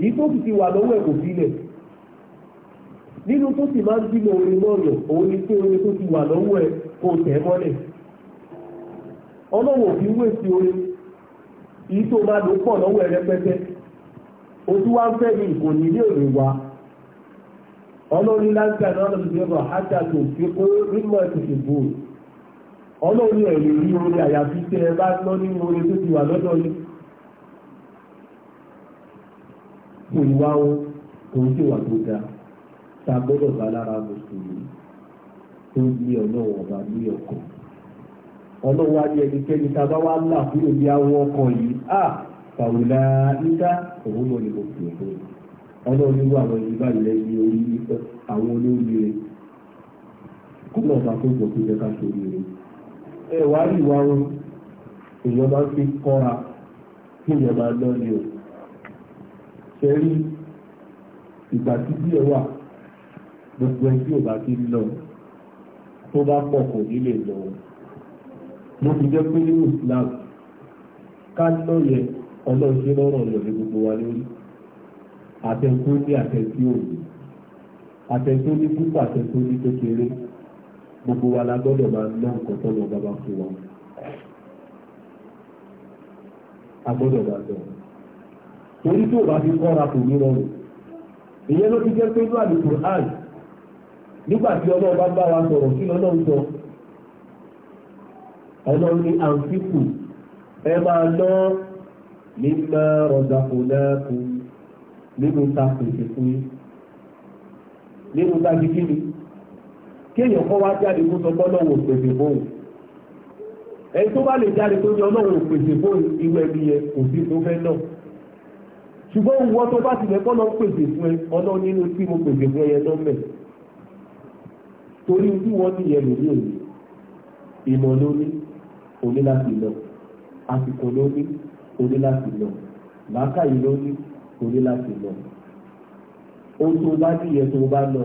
èyí tó sì ti wà lọ́wọ́ ẹ̀ kò sílẹ̀ nínú tó sì máa ń bímọ orin náà yàn òun ni pé orin tó ti wà lọ́wọ́ ẹ̀ kò tẹ̀ mọ́lẹ̀ ọlọ́wọ́ òfin wé sí orin èyí tó máa lò pọ̀ lọ́wọ́ ẹ̀ rẹpẹtẹ ojú wa ń fẹ́ mi kò ní ilé òwe wa ọlọ́rin láńkà náà lọ́dún tó yẹ kọ́ àjà tó fi kó rímọ̀ ẹ̀ tó ọlọ́run ẹ̀ lè rí orí àyàfi tẹ́ ẹ bá lọ nínú orí tó ti wà lọ́dọ̀ yìí kò ìwà o kò ń ṣèwà tó dáa ta gbọ́dọ̀ bá lára mùsùlùmí tó ní ọlọ́wọ́ ọba ní ọkọ̀ ọlọ́wọ́ á ní ẹnikẹ́ni tá a bá wá là kúrò ní àwọn ọkọ̀ yìí à fàwùlà nígbà òun lọ ní òkè òkè ọlọ́run nínú àwọn ẹni báyìí lẹ́yìn orí àwọn olórí kó lọ́ọ̀bà tó gbọ́ pé jẹ́ ká sórí rẹ̀ ẹ̀wà ìwà wọn èèyàn máa fi kọ́ra kí èèyàn máa lọ ní o ṣẹ́rí ìgbà tí bí ẹ wà gbogbo ẹ tí ò bá ti lọ tó bá pọ̀ kò ní lè lọ mo fi jẹ́ pé nínú Islam ká lọ yẹ ọlọ́run ṣe lọ́rọ̀ lọ ní gbogbo wa lórí àtẹ̀kó ní àtẹ̀kí òní àtẹ̀kó ní púpọ̀ àtẹ̀kó ní kékeré gbogbo wa la gbọ́dọ̀ máa ná nǹkan tó lọ bàbá fún wa a gbọ́dọ̀ máa lọ torí tí o bá fi kọ́ra kò ní rọrùn ìyẹn ló ti jẹ́ pé ní àlùkò àn nígbà tí ọlọ́run bá bá wa sọ̀rọ̀ kí lọ́nà ń sọ ọlọ́run ní àǹfíkù ẹ máa ná nígbà rọ̀dàpọ̀ náà kù nínú ta pèsè fún yín nínú ta kíkí ni kéèyàn kọ́ wá jáde kó sọ bọ́lọ̀ wò pèsè fóun ẹni tó bá lè jáde tó ní ọlọ́run ò pèsè fóun irú ẹbí yẹn kò sí tó fẹ́ náà ṣùgbọ́n ìwọ tó bá tilẹ̀ kọ́ lọ pèsè fún ẹ ọlọ́ nínú tí mo pèsè fún ẹyẹ lọ́mẹ̀ torí tí wọ́n ní yẹn lòdì òní ìmọ̀ lóní òní láti lọ àsìkò lóní òní láti lọ làákàyè lóní òní láti lọ ohun tó bá ní yẹn tó bá lọ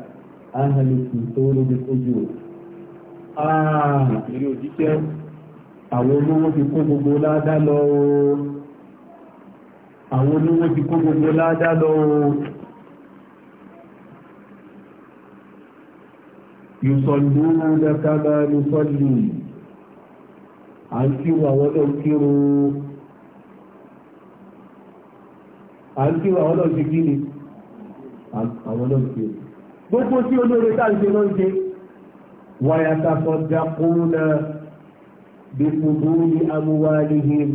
ahàlùkù tó lóbi kójú ìrí òjíṣẹ́ àwọn olówó ti kó gbogbo ládá lọ ooo àwọn olówó ti kó gbogbo ládá lọ ooo yùsọ̀lú lẹ́kàbà lùsọ̀lù àǹkíwà wọ́lọ̀ kírò àǹkíwà wọ́lọ̀ ti kí ni àwọn ọlọ́run kírò gbogbo tí olóore táǹṣe ló ń ṣe wàyàtà sọjà kúrúnà bí kùdú ní amúwálihìm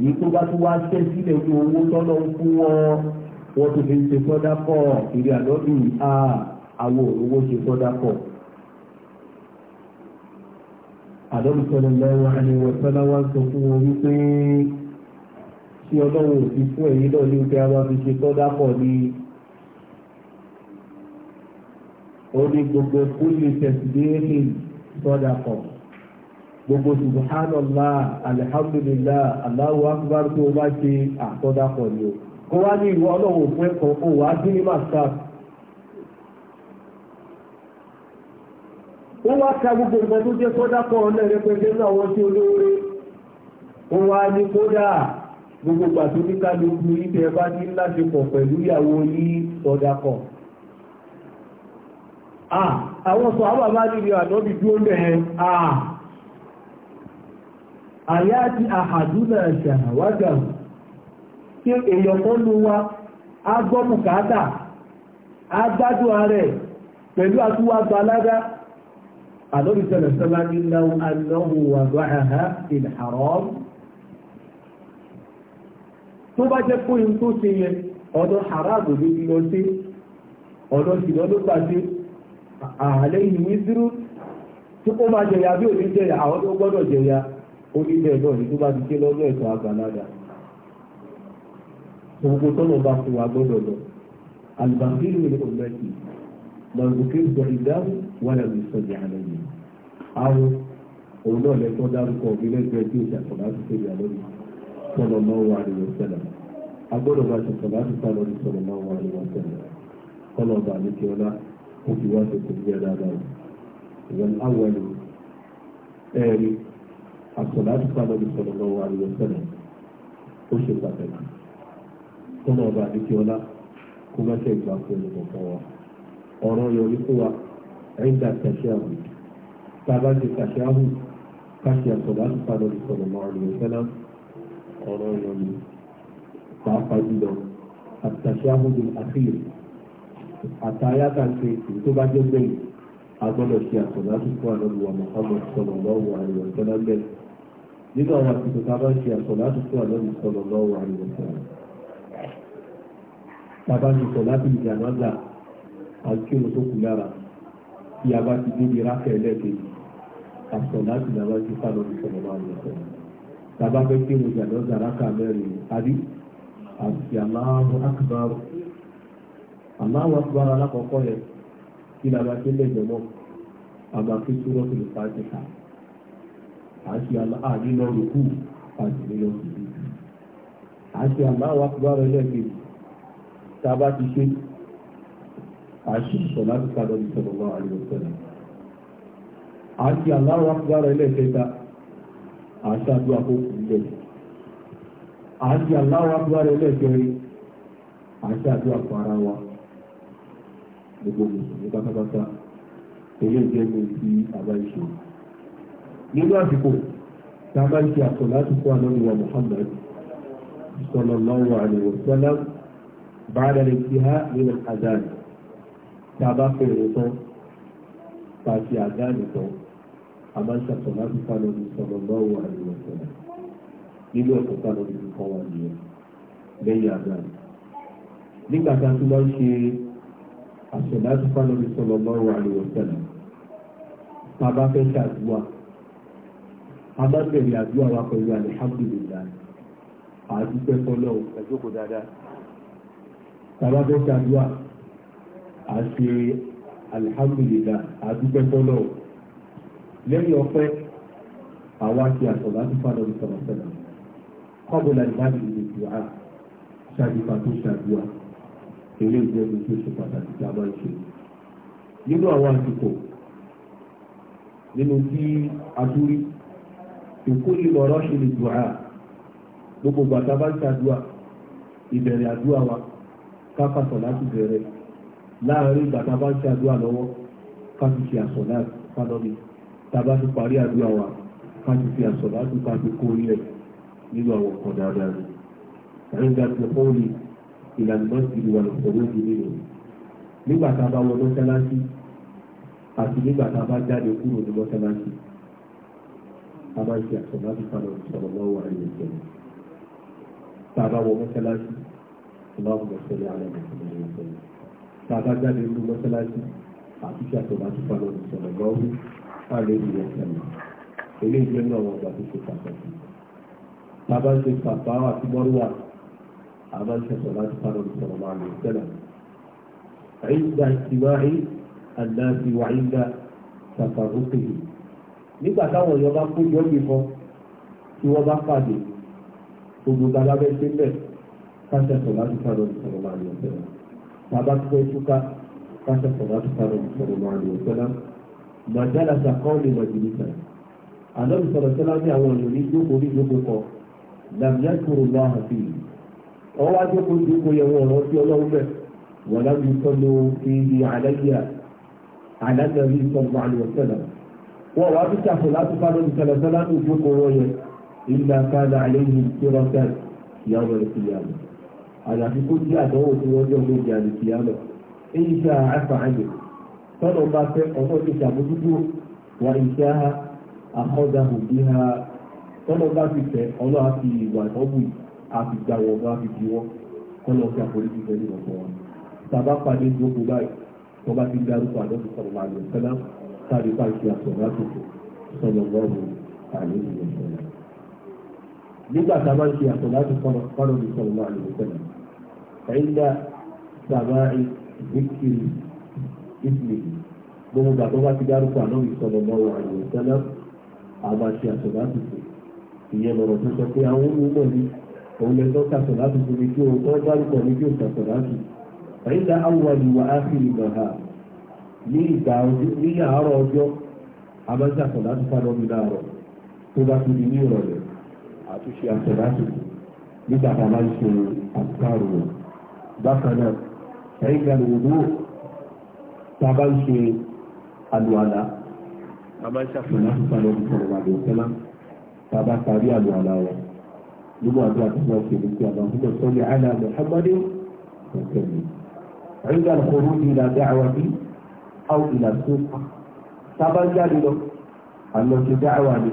yìí tó bá tún wá ṣẹ́ sílẹ̀ ju owó tọ́lọ́ ń fún wọn wọ́n tó fi ń ṣe sọ́dá pọ̀ ìrìn àlọ́bì a àwọn òrówó ṣe sọ́dá pọ̀. àdọ́bì sọ̀rọ̀ lọ́wọ́ àníwọ̀ sọ́dá wá ń sọ fún wọn wípé tí ọlọ́run ò fi fún ẹ̀yìn náà ní oúnjẹ àwọn fi sọ́dá pọ̀ ni. orí gbogbo kúlì tẹ̀sídéhì sọ́dà kọ̀. gbogbo subhanallah alhamdulillah Allahu akbar tó o bá ṣe àsọ́dà kọ̀ ni o. kó wá ní ìwọ ọlọ́run òfin ẹ̀kọ́ kó wá sí ní ó wá ka gbogbo nǹkan tó jẹ́ sọ́dà kọ̀ ọ̀nà náà wọ́n ṣe olóore. ó wá gbogbo gbàtúndínlá ló kú ibẹ̀ bá ní pẹ̀lú ìyàwó yìí Ah, àwọn sọ àwọn àbá nílé àdọ́bì dúó mẹ́rin ah. àyá ti àhàdúnà ṣàwádà tí èèyàn kan ló wá á gbọ́ bùkátà ààrẹ pẹ̀lú àtúwà gbalága àdọ́bì sẹlẹ̀ sẹ́lá nílá anáwó wà báyàá ìlhàrọ́m tó àlẹ́yìn wíṣírú tí ó máa jẹyà bí òní jẹyà àwọn tó gbọ́dọ̀ jẹyà onílẹ̀ náà ní tó bá ti ké lọ́dọ̀ ẹ̀tọ́ àgbàlagbà gbogbo tọ́nà bá fún wa gbọ́dọ̀ lọ ní ìdáhùn wáyà sọ ní alẹ́ yìí àwọn òun náà lẹ́tọ́ dárúkọ ti lórí wà ní ọ̀sẹ̀lẹ̀ agbọ́dọ̀ ti sá lórí wà ní ọ̀sẹ̀lẹ̀ ọlá ó fi wá ṣe kò ní ẹ̀dá dáa ìwọ̀n àwọn ẹ̀rọ ẹ̀rí àsọ̀lá ti pa lọ́dún sọ̀rọ̀ lọ́wọ́ àríwọ̀ sẹ́lẹ̀ ó ṣe pàtàkì tọ́nà ọba àdékè ọlá kó má ṣe ìgbà fún ẹnì kọ̀ọ̀kan wa ọ̀rọ̀ yọrí fún wa ẹ̀yìn dá kàṣẹ́ àwùjọ tá a bá ṣe kàṣẹ́ àwùjọ káṣí àsọ̀lá ti pa lọ́dún sọ̀rọ̀ lọ́wọ́ àríwọ̀ sẹ́lẹ̀ àtàyàtà ṣe tó bá jẹ́ bẹ́ẹ̀ agbọ́dọ̀ ṣe àsọ̀láṣí fún àlọ́lùwà Muhammad sallallahu alaihi wa sallam bẹ́ẹ̀ nínú àwọn àtìkò tá a bá ṣe àsọ̀láṣí fún àlọ́lù sallallahu alaihi wa sallam tàbá ní sọ láti ìjà náà gbà àti ohun tó kù lára tí a bá ti débi rákẹ́ ẹlẹ́gbẹ̀ẹ́ àsọ̀ láti làbá ti fàlọ́lù sallallahu alaihi wa sallam tàbá fẹ́ kí ohun ìjà náà gbà rákà mẹ́rin àbí àti Allahu akbar àmọ́ àwọn akpọ̀rọ̀ alákọ̀ọ́kọ́ yẹn kí ni a máa ké lẹ́jọ̀ mọ́ a máa ké tó lọ́sọ̀rọ̀ fáńtì ká à ṣe àdín lọ rúkú àti nílọ síbi à ń ṣe àmọ́ àwọn ẹlẹ́gbẹ̀ẹ́ tá a bá ti ṣe à ṣe sọ̀lá tó ká lọ́dún sọ̀rọ̀ wá àríwọ̀ sọ̀rọ̀ à ń ṣe àmọ́ àwọn ẹlẹ́gbẹ̀ẹ́ta wa. gbogbo mùsùlùmí pátápátá èyí jẹ́ ní ti àbá ìṣe. nínú àsìkò tá a bá ń ṣe àtọ̀ láti fún ànábì wa Muhammad sallallahu alaihi wa sallam ba'da al-intihā' min al-adhān tá a bá fẹ̀rẹ̀ tán tá a ṣe tán a máa ṣàtọ̀ láti fún ànábì sallallahu alaihi nínú ẹ̀kọ́ tá a lọ́ọ́ fi kọ́ lẹ́yìn àdáni. nígbà tá a ṣe àṣọ̀láṣí fánàbí sọ̀rọ̀ lọ́rùn àríwọ̀sẹ̀lá bàbá fẹ́ ṣàdúrà abábẹ̀rẹ̀ àdúrà wa pẹ̀lú alihamdulilá àdúpẹ́ fọlọ́ ẹ̀jókòó dáadáa bàbá fẹ́ ṣàdúrà àṣe alihamdulilá àdúpẹ́ fọlọ́ lẹ́yìn ọpẹ́ àwa ti àṣọ̀láṣí fánàbí sọ̀rọ̀ sẹ́lá kọ́bùlà ìbáàdì ìdìbò eré ìjẹ́bi tó ṣe pàtàkì tá a máa ń ṣe nínú àwọn àsìkò nínú bí adúrí ìkó ìmọ̀ rọ́ṣìn ìdùá gbogbo bàtà bá ń ṣàdúà ìbẹ̀rẹ̀ àdúà wa kápásọ̀ láti bẹ̀rẹ̀ láàárín bàtà bá ń ṣàdúà lọ́wọ́ káfí ṣe àsọ̀dá fádọ́mi tàbá ti parí àdúà wa káfí ṣe àsọ̀dá tó káfí kórí ẹ̀ nínú àwọn ọ̀kan dáadáa rẹ̀ ìlànà ìlú wà lọ́sọ̀rọ̀ òjò nínú nígbà tá a bá wọ mọ́ṣáláṣí àti nígbà tá a bá jáde kúrò ní mọ́ṣáláṣí a máa ń ṣe àtọ̀láṣí padà sọ̀rọ̀ lọ́wọ́ wà ní ìṣẹ̀lẹ̀ tá a bá wọ mọ́ṣáláṣí ọlọ́run mọ̀ṣẹ́lẹ̀ alẹ́ mọ̀ṣẹ́lẹ̀ ìṣẹ̀lẹ̀ tá a bá jáde àti ṣe àtọ̀láṣí padà sọ̀rọ̀ lọ́wọ́ alẹ́ ìṣẹ̀lẹ̀ eléyìí jẹ́ náà wọn gbà tó ṣe pàtàkì tá a bá ń ṣe pàtàkì àti mọ́rúwà عملت صلاة قال صلى الله عليه وسلم عند اجتماع الناس وعند تفرقه nígbà táwọn èèyàn bá kó jọ bí kan tí wọ́n bá pàdé gbogbo galábẹ́ ṣe mẹ́ káṣẹ̀sọ̀ láti sáré ìṣòro máa ní ọ̀sẹ̀ náà bàbá tó fẹ́ túká káṣẹ̀sọ̀ láti sáré ìṣòro máa ní ọ̀sẹ̀ náà màjálà sàkọ́ ní màjìlísà àlọ́ ìṣòro sẹ́lá ní àwọn èèyàn jókòó ní jókòó kan làmìyàn kúrò wọ́n wá jókòó ju kó yẹ wọn rántí ọlọ́run bẹ́ẹ̀ wọ́n lábí sọ́lọ́ fi di àlẹ́yà àlẹ́nàrí sọ́gbà àlùwọ̀sẹ̀lẹ̀ wọ́n wá bí sàfẹ́ láti fáwọn ìṣẹ̀lẹ̀sẹ̀lá ní ìjókòó wọn yẹ ilà kánà àlẹ́yìn ìṣẹ́rọ̀sẹ̀ ìyàwó ìṣìyàmù àyàfi kó jẹ́ àdánwò tí wọ́n jọ lóde àlùṣìyàmù èyí ṣe àáfà àyè tọ́lọ̀ bá fẹ́ ọmọ ti ṣàbójútó wà ìṣẹ́ àkọ́dà òbí ha tọ́lọ̀ bá fi tẹ̀ ọlọ́ a fi gbà wọ̀ bá fi diwọ́ kọ́lọ̀ ọ̀sẹ̀ àforíjì pẹ̀lú ọ̀pọ̀ wọn. Tàbá padé gbogbo báyìí tó bá ti dárúkọ àdọ́sí sọ̀rọ̀ máa lọ sẹ́lá sáré bá ṣe àsọ̀rọ̀ àtòkò sọ̀rọ̀ lọ́rùn àlejò ìṣẹ̀lẹ̀. Nígbà tá a máa ń ṣe àsọ̀rọ̀ àti fọ́nà ní sọ̀rọ̀ máa lọ sẹ́lá. Ẹ̀yìnlá sàmá ìdíkiri ìsìlẹ̀ gbogbo gbà tó bá ti dárúkọ àdọ́sí sọ̀rọ̀ lọ́rùn àlejò ìṣẹ̀lẹ̀ àmà ṣe àsọ̀rọ̀ àtòkò ìyẹn lọ̀rọ̀ tó sọ pé àwọn ohun mọ̀ ní òun lè tọ́ kàtọ̀ láti fi kí o tọ́ dárúkọ ní kí o kàtọ̀ láti. fàyídà àwọn ìwà áfírí gbàgbà ní ìgbà ní àárọ̀ ọjọ́ a máa ń ṣàtọ̀ láti fáná mi láàárọ̀ tó bá ti di ní ìrọ̀lẹ́ àtúnṣe àtọ̀ láti nígbà tá a máa ń ṣe àtúkárò rẹ̀. bákan náà fàyídà lòdù tá a bá ń ṣe àlùwàlà a láti fáná mi sọ̀rọ̀ àdéhùn nínú àdúrà tó máa ṣe ní pé àlàfíà sọ́lẹ̀ àlà Muhammadu ọ̀kẹ́mi. àyíká àkọ́rọ́ ní ìlà dáhàwá bí àwọn ìlà tó sábà jáde lọ àlọ́ṣe dáhàwá ni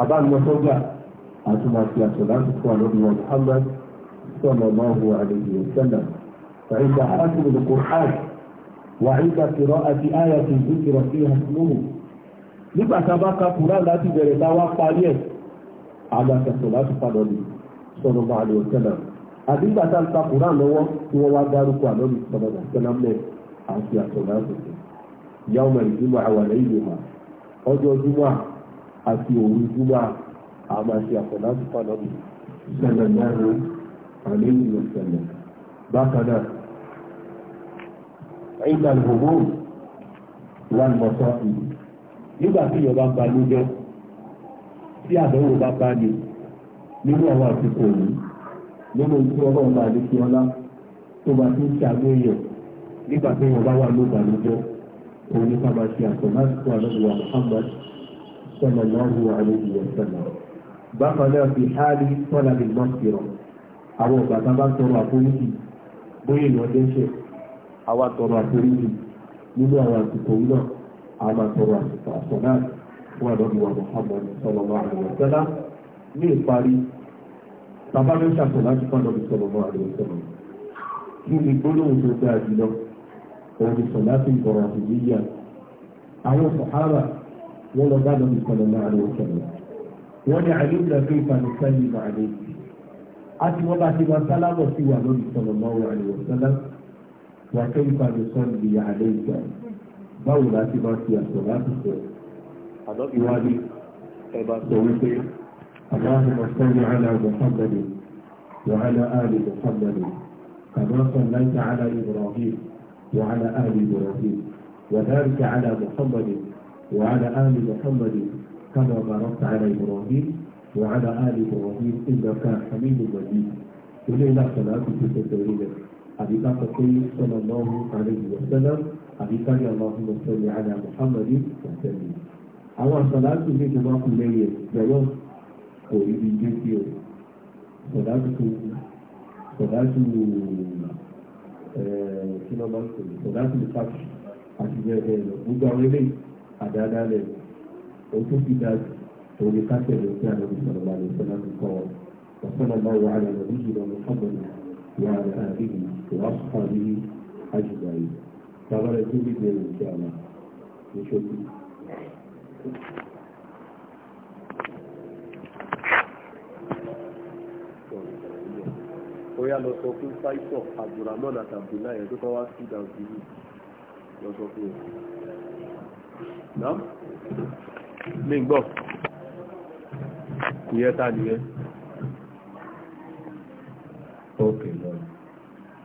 àbá lọ́sọ́gbà àtúmọ̀sí àtúnláṣí fún àlọ́dúnrún Muhammad sọ̀rọ̀ náà wọ àlejò sẹ́lẹ̀. فعند حاسب القرآن وعند قراءة آية ذكر فيها اسمه nígbà tá a bá ka kúrán láti bẹ̀rẹ̀ tá a wá parí ẹ̀ àgbàtàtọ̀ láti padà lè sọ̀rọ̀ máa lò sẹ́nà àbí ìgbà tá à ń ta kùrán lọ́wọ́ tí wọ́n wá dárúkọ àlọ́lù sọ̀rọ̀ máa sẹ́nà mẹ́ àti zuma àtọ̀tọ̀ yàwó máa ìdúmọ̀ àwàlẹ̀ ìlú mà ọjọ́ júmọ̀ àti òru júmọ̀ àmà àti àtọ̀nà àtọ̀tọ̀ àlọ́lù sẹ́nà náà àlẹ́ ìlú bákan náà wà nínú àwọn àsìkò yìí nínú tí ọlọ́run bá lè fi ọlá tó bá ti ń ṣàgbé èèyàn nígbà tí wọn bá wà ló bàlújọ òun ní ká máa ṣe àtọ̀ láti fún àlọ́wọ́ Muhammad sọ̀nà lọ́rùn àlejò ọ̀sẹ̀nà. bákan náà fi hálí tọ́lá ní mọ́sirọ̀ àwọn ọ̀gá tá bá tọrọ àforíjì bóyá èèyàn dẹ́ṣẹ̀ àwa tọrọ àforíjì nínú àwọn àsìkò yìí náà a máa tọrọ àtọ̀ náà fún àlọ́wọ́ Muhammad sọ̀nà lọ́rùn àlejò ọ̀sẹ̀nà ní ìparí bàbá ló ṣàtọ̀ láti pàdọ̀ bí sọ̀rọ̀ mọ́ àrẹ ìṣẹ̀lẹ̀ kí ni gbólóhùn tó dáa jùlọ òun ni sọ̀ láti ìbọ̀rọ̀ àti yíyà àwọn sàhábà wọ́n lọ bá lọ́bí sọ̀rọ̀ mọ́ àrẹ ìṣẹ̀lẹ̀ wọ́n ní àlè ìlà pé ìfàmì sẹ́yìn ìmọ̀ àlè àti wọ́n bá ti wá sálábọ̀ sí wà lọ́bí sọ̀rọ̀ mọ́ àrẹ ìṣẹ̀lẹ̀ wà pé ìfàmì sọ̀rọ̀ ìyà àlè ìgbà báwo láti máa fi àtọ̀ láti sọ̀rọ̀ اللهم صل على محمد وعلى آل محمد كما صليت على إبراهيم وعلى آل إبراهيم وذلك على محمد وعلى آل محمد كما باركت على إبراهيم وعلى آل إبراهيم إنك حميد مجيد إلينا صلاة في الدولة أبي صلى الله عليه وسلم أبي اللهم صل على محمد وسلم أول àṣàlátù في جماعة الليل kò rí bí dé sí o sọ̀dájú sọ̀dájú kí ló máa ń pè sọ̀dájú fáṣì àti bẹ́ẹ̀ bẹ́ẹ̀ lọ gbogbo àwọn ilé àdáadáa lẹ̀ o tó fi dájú òun ni káṣẹ̀ ló fi àná ìṣọ̀rọ̀ wà ní sọ́nà tó kọ́ ọ وصلى الله على نبينا محمد وعلى آله وأصحابه أجمعين. Tàbára tó bí bẹ̀rẹ̀ ìṣẹ́ àmà ní ṣókí. bóyá lọ sọ fún pító abdulrahman àtàbùlá yẹn tó kọ́ wá sí dàbí yìí lọ sọ fún un. Nàá mi gbọ́ ìyẹn ta nìyẹn. Ok lọ.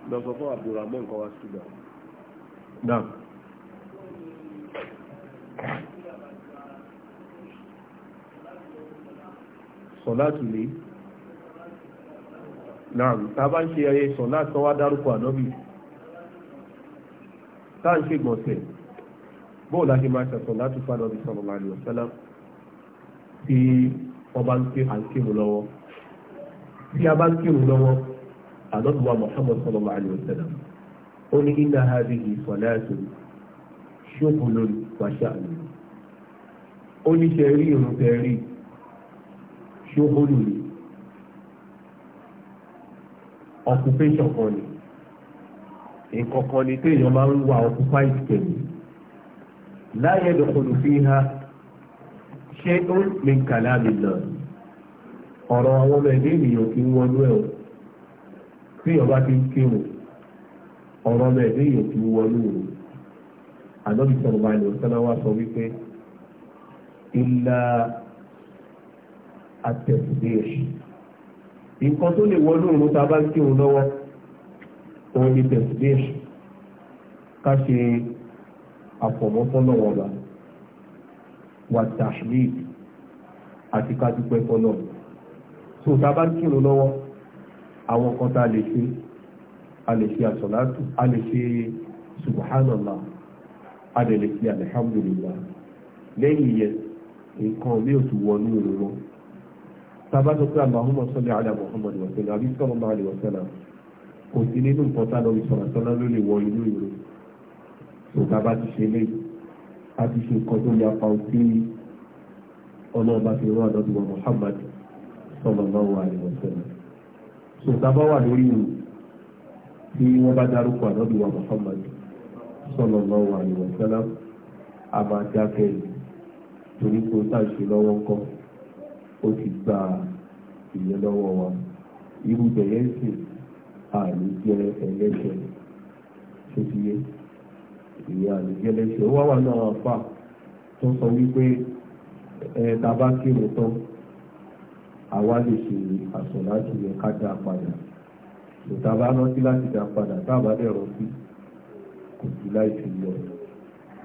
Lọ sọ fún abdulrahman kọ́ wá sí dàbí. Nàá. Sọ̀lá tù náà tá a bá ń ṣe ẹyẹ sàn láti wá dárúkọ ànábì tá à ń ṣe gbọ̀nsẹ̀ bóò láti máa ṣàtọ̀ láti fàdọ̀ bí sallallahu alaihi wasallam tí wọ́n bá ń ké à ń kírun lọ́wọ́ tí a bá ń kírun lọ́wọ́ ànábì wa Muhammad sallallahu alaihi wasallam ó ní inna hadhihi salatu shughulun wa sha'nun ó ní ṣe rí irun tẹ́ rí ṣókòlù ni occupation kan ni nǹkan kan ni téèyàn máa ń wà occupied pẹ̀lú láyé lọ́kọ̀lù fi ha ṣé ó min kàlámì náà ọ̀rọ̀ àwọn ọmọ ẹ̀dẹ́ ènìyàn kì í wọnú ẹ̀ o téèyàn bá ti ń kírun ọ̀rọ̀ ọmọ ẹ̀dẹ́ ènìyàn kì í wọnú o ànábì sọ̀rọ̀ bá ilẹ̀ ọ̀sán wa sọ wípé ilà àtẹ̀sídẹ́ẹ̀ṣì nǹkan tó lè wọnú òun tá a bá kí òun lọ́wọ́ òun ni tẹ̀síbíyà ká ṣe àfọ̀mọ́fọ́lọ́wọ́ ọba wà tàṣmíì àti ká dúpẹ́ fọ́lọ́ so tá a bá ń kírun lọ́wọ́ àwọn kan tá a lè ṣe a lè ṣe àsọ̀látù a lè ṣe subhanallah a lè lè ṣe alihamdulillah lẹ́yìn yẹn nǹkan mi ò tún wọnú òun lọ́wọ́ tàbátọ̀ pé Allahumma salli ala Muhammad wa sallam àbí sallallahu alaihi wa sallam kò sí nínú nǹkan tá a lọ rí sọ̀rọ̀ sọ́lá ló lè wọ inú ìró tó tàbá ti ṣe lé a ti ṣe nǹkan tó ya pa òkè ọlọ́ọ̀bá fi rán àdọ́dúwà Muhammad sallallahu alaihi wa sallam tó tàbá wà lórí ìró tí wọ́n bá dárúkọ àdọ́dúwà Muhammad sallallahu alaihi wa sallam a máa dákẹ́ torí kó tá ṣe lọ́wọ́ nǹkan ó ti gba ìyẹn lọ́wọ́ wa irú bẹ̀yẹ̀ ń sìn àní jẹ́ ẹlẹ́ṣẹ̀ tó ti yé ìyẹn àní jẹ́ ẹlẹ́ṣẹ̀ ó wá wà náà fà tó sọ wípé ẹ ta bá kírun tán àwa lè ṣe àsọ̀lá jù yẹn ká dá padà ìta bá rántí láti dá padà táàbá dẹ̀ rántí kò sí láì fi lọ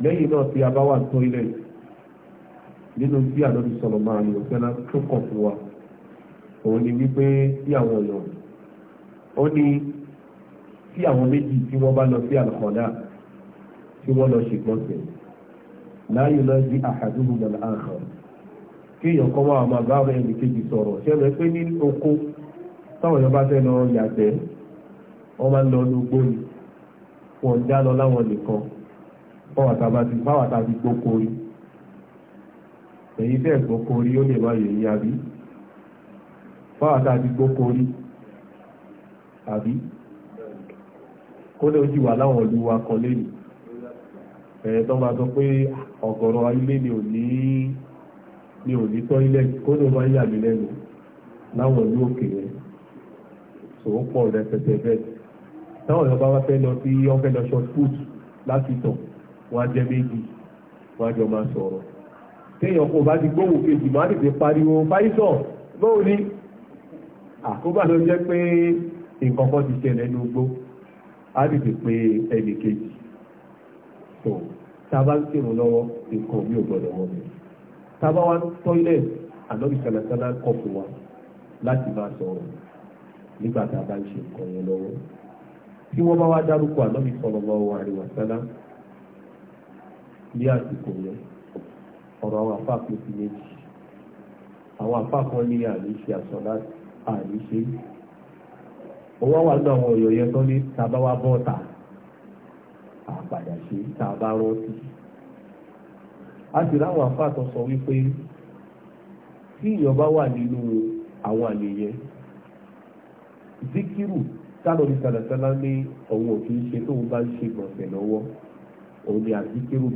lẹ́yìn náà tí a bá wà ní toilet nínú bí ànábi sọ̀rọ̀ máa ní ọ̀gbẹ́lá tó kàn fún wa òun ni wípé tí àwọn èèyàn ó ní tí àwọn méjì tí wọ́n bá lọ sí àlùkọ́dá tí wọ́n lọ ṣègbọ́nsẹ̀ láàyè lọ sí àhàdúgbò mọ̀lá àhàn kí èèyàn kan máa máa bá àwọn ẹnì kejì sọ̀rọ̀ ṣẹ́mi pé ní oko táwọn èèyàn bá fẹ́ lọ yàgbẹ́ wọ́n máa ń lọ lógbó ni wọ́n dá lọ láwọn nìkan fáwọn àtàbí gbókòó ni èyí tẹ́ gbókó orí ó lè má yẹ yín àbí fáwọ́tà ti gbókó orí àbí kó lè ojú wà láwọn ìlú wa kan lé ní ẹ̀yẹ tó máa sọ pé ọ̀gọ̀rọ̀ ilé ni ò ní ni ò kó lè máa yà lẹ́nu láwọn ìlú òkè yẹn tó ń pọ̀ rẹpẹtẹ bẹ́ẹ̀ táwọn ìyọba wá fẹ́ lọ sí wọ́n fẹ́ lọ short food láti tàn wọ́n á jẹ́ méjì wọ́n á jọ máa sọ̀rọ̀ téèyàn kò bá ti gbóhùn kejì má tètè pariwo fáìsọ̀ bóò ni àkóbá ló jẹ́ pé nǹkan kan ti ṣẹlẹ̀ ní ugbó á tètè pé ẹnì kejì tó tá a bá ń kírun lọ́wọ́ nǹkan mi ò gbọ́dọ̀ wọ́n mi tá a bá wá tọ́ílẹ̀ ànábì sàlàsàlà kọ̀ fún wa láti máa sọ̀rọ̀ nígbà tá a bá ń ṣe nǹkan yẹn lọ́wọ́ tí wọ́n bá wá dárúkọ ànábì sallallahu alaihi wasallam ní àsìkò yẹn ọ̀rọ̀ àwọn àfáà pé sí méjì àwọn àfáà kan ní àní àsọ̀lá àní owó wà ní àwọn ọ̀yọ̀ yẹn tó ní tabawa wá bọ́ ṣe rántí a sì ráwọn àfáà sọ wípé tí èèyàn wà nínú àwọn zikiru tálọ́ọ̀dì sàlàsàlà ní ọ̀hún òfin ṣe tóun bá ń ṣe gbọ̀nsẹ̀ lọ́wọ́ òun ni àzikiru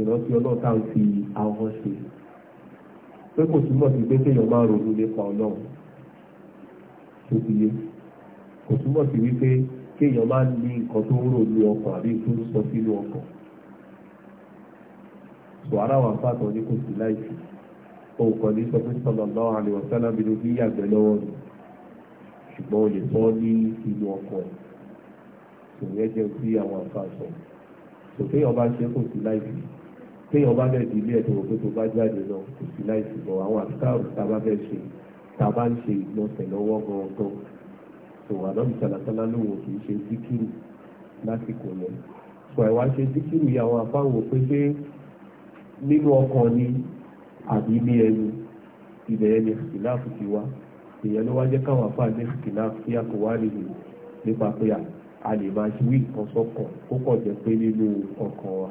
ìrántí ọlọ́run tá à ń fi ahọ́n ṣe pé kò túmọ̀ sí pé kéèyàn máa ronú nípa ọlọ́run tó ti yé kò túmọ̀ sí wípé kéèyàn máa ní nǹkan tó ń rò ní ọkàn àbí tó ń sọ sínú ọkàn sùwárà wà fàtọ̀ ní kò sí láìsí òun kàn ní sọ pé sallallahu alaihi wasallam bí ló fi yàgbẹ́ lọ́wọ́ ni ṣùgbọ́n o lè sọ ní inú ọkàn ẹ̀ sòwúrẹ́jẹ́ sí àwọn àfàṣọ sòfẹ́yàn bá ṣe kò sí láìsí téèyàn bá bẹ̀rẹ̀ ilé ẹ̀tọ́ òkú tó bá jáde lọ kò sí láì ṣùgbọ́n àwọn àtúkàrù tá a bá fẹ́ ṣe tá a bá ń ṣe ìgbọ̀nsẹ̀ lọ́wọ́ gan-an tó tó ànábì sàlàsálà lòun kì í ṣe díkìrù lásìkò yẹn sọ ẹ̀wá ṣe díkìrù yà wọn àfáwò pé pé nínú ọkàn ni àbí ní ẹnu ilẹ̀ ẹni ìkìláàfù ti wá èèyàn ló wá jẹ́ káwọn afá ní ìkìláàfù kí a kò wá lè lò nípa pé a lè máa ṣe wí nǹkan ó kàn jẹ́ pé nínú ọkàn wa.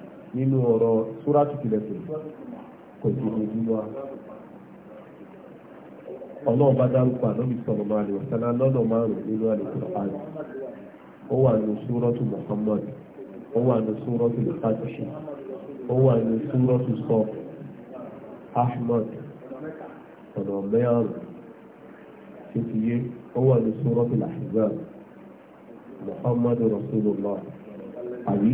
nínú ọ̀rọ̀ súrátù kìlẹ̀kùn kò sí ojú wa ọlọ́run bá dárúkọ ànábì sọ̀rọ̀ máa lè wọ̀sán lọ́nà márùn nínú àlùkò àrùn ó wà ní súrọ́tù Muhammad ó wà ní súrọ́tù ìfàtìṣe ó wà ní sọ Ahmad ọ̀nà mẹ́rùn ó wà ní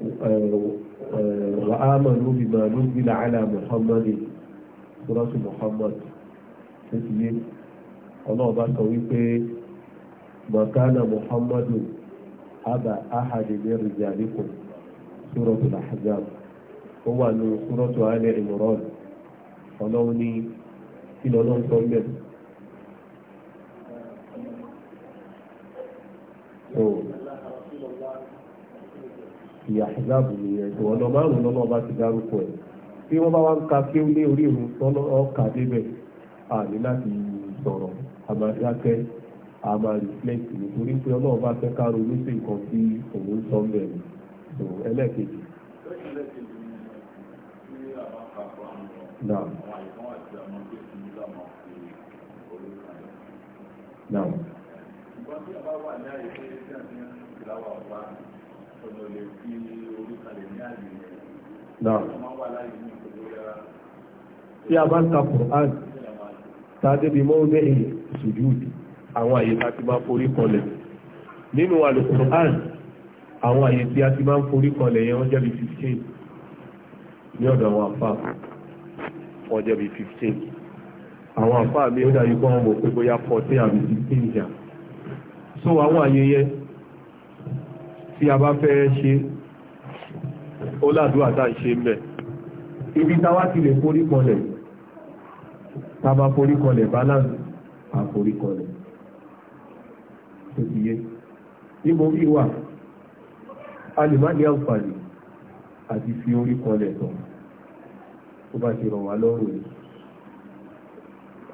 wà á mọ̀ lóbi mọ̀ lóbi làálà muhammadu sọ́rọ́sù muhammadu tó ti yé ọlọ́run bá sọ wípé mọ̀kánà muhammadu abba ahadi ní rìjàlíkùn sọ́rọ́sù làhàjàm ó wà ní sọ́rọ́sù alẹ́ ìmọ̀ràn ọlọ́run ní kí lọ́lọ́run sọ mẹ́rin. ìyàhìzáàbù nìyẹn tó ọ̀nà márùn-ún lọ́nà ọba ti dárúkọ ẹ̀ tí wọ́n bá wá ń ka kí ó lé orí ìrun tọ́nà ọ̀ka débẹ̀ a ní láti sọ̀rọ̀ àmàdákẹ́ àmà nítorí pé ọlọ́run bá fẹ́ ká ronú sí nǹkan tí òun sọ mẹ́rin tó ẹlẹ́ẹ̀kejì. Now. ọ̀nà lè fi orí kalẹ̀ ní àyè rẹ̀. Tí a bá ń ka Qur'an, ta débi mọ́ mẹ́rin sùjúùdù, àwọn àyè ta ti máa forí kọlẹ̀. Nínú Al-Qur'an, àwọn àyè tí a ti máa ń forí kọlẹ̀ yẹn wọ́n jẹ́ bí 15 ní ọ̀dọ̀ àwọn àfà. Wọ́n jẹ́ bí 15. Àwọn àfà mi ó dàbí kọ́ wọn mọ̀ pé bóyá 14 àbí 16 jà. So àwọn àyè yẹn tí a bá fẹ́ ṣe ó ládùú àtà ìṣe mẹ́ ibi táwa ti lè forí kọlẹ̀ bá forí balance àforí kọlẹ̀ tó ti yé níbo bí wà a lè má ní àǹfààní àti fi orí kọlẹ̀ tán tó bá ti ràn wá lọ́rùn ni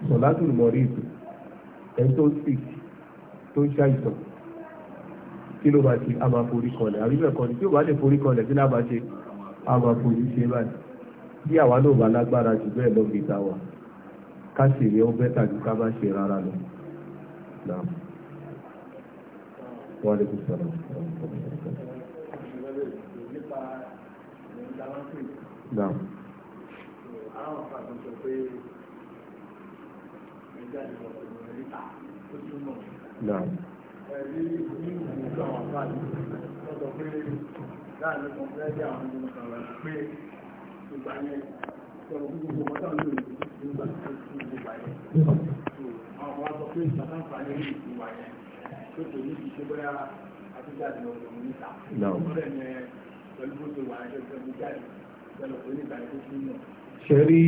sọ̀látùn mọ̀rí ìtù ẹni tó ń sìkì tó ń ṣàìsàn kí ló bá ṣe a máa forí kọlẹ̀ àríwẹ̀ kọ́ni tí ó bá lè forí kọlẹ̀ kí lábàá ṣe a máa forí ṣe báyìí bí àwa náà bá lágbára jù bẹ́ẹ̀ lọ fi ta wà ká sì rí ọgbẹ́ tàbí ká má ṣe rárá lọ. Naam ẹ̀rí Ṣé rí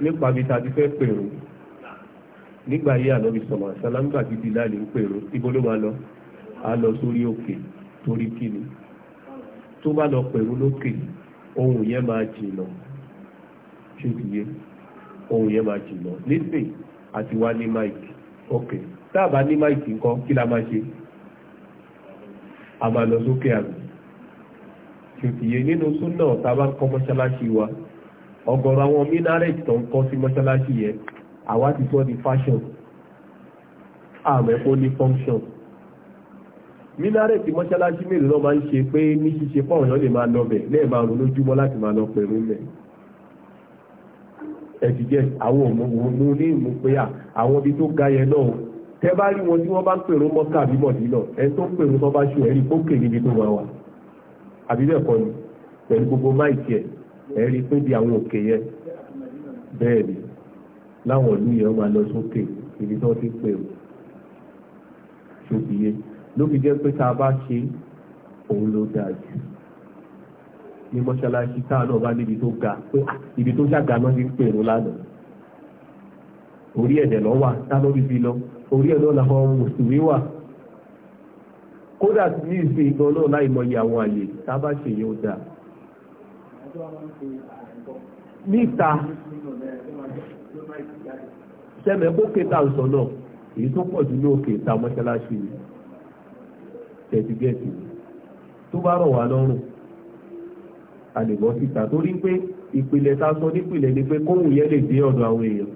nípa bí tàbí fẹ́ pèrò nígbà yí ànábi sọ̀rọ̀ àṣàlámgbà ti Bílálì ń pèrò ibo ló máa lọ á lọ sórí òkè torí kíni tó bá lọ pèrò lókè ohun yẹn máa jìnà ṣùgbìyẹ ohun yẹn máa jìnà nísìn àti wá ní máìkì ok tá a bá ní máìkì ńkọ́ kí la máa ṣe a máa lọ sókè àgbẹ̀ ṣùgbìyẹ nínú súnà tá a bá ń kọ́ mọ́ṣáláṣí wa ọ̀gọ̀rọ̀ àwọn mínárẹ̀tì tó ń kọ́ sí mọ́ṣáláṣí yẹn àwa ti sọ di fashion àmẹ́kó ní function mínárẹ̀tì mọ́ṣáláṣí mélòó náà máa ń ṣe pé ní ṣíṣe pọ̀ ọ̀yọ́ lè máa lọ bẹ̀ lẹ́ẹ̀ máa rún lójúmọ́ láti máa lọ pẹ̀lú mẹ́ ẹ̀dìjẹ́ àwọn òmùmù ní ìmú pé àwọn ibi tó ga yẹn náà tẹ́ bá rí wọn tí wọ́n bá ń pèrò mọ́kà bí mọ̀dínà ẹni tó pèrò tó bá ṣù ẹ̀rí pókè níbi tó máa wà àbí bẹ́ẹ̀ kọ́ ni pẹ̀lú gbogbo máìkì ẹ̀ ẹ̀rí pé bí àwọn òkè yẹn bẹ́ẹ̀ ni láwọn ìlú yẹn máa lọ sókè ibi tí wọ́n ti pè ó ṣòfìyé ló fi jẹ́ pé tá a bá ṣe òun ló dáa jù ní mọ́ṣáláṣí táà náà bá níbi tó ga pé ah, ibi tó ṣàga náà ti pè ó lánàá orí ẹ̀dẹ̀ lọ wà tálórí fi lọ orí ẹ̀ náà làwọn mùsùlùmí wà kódà ní ìsìn ìgbọ́n náà láì mọyì àwọn àyè tá a bá ṣe yẹn dáa. níta sẹ́mẹ̀ kó kéta sọ náà èyí tó pọ̀ jù ní òkè ta mọ́ṣáláṣí ni tẹ̀sí gẹ̀ẹ́sì ni tó bá rọ̀ wá lọ́rùn a lè bọ́ síta torí pé ìpìlẹ̀ ta sọ nípìlẹ̀ ni pé kóhùn yẹn lè dé ọ̀dọ̀ àwọn èèyàn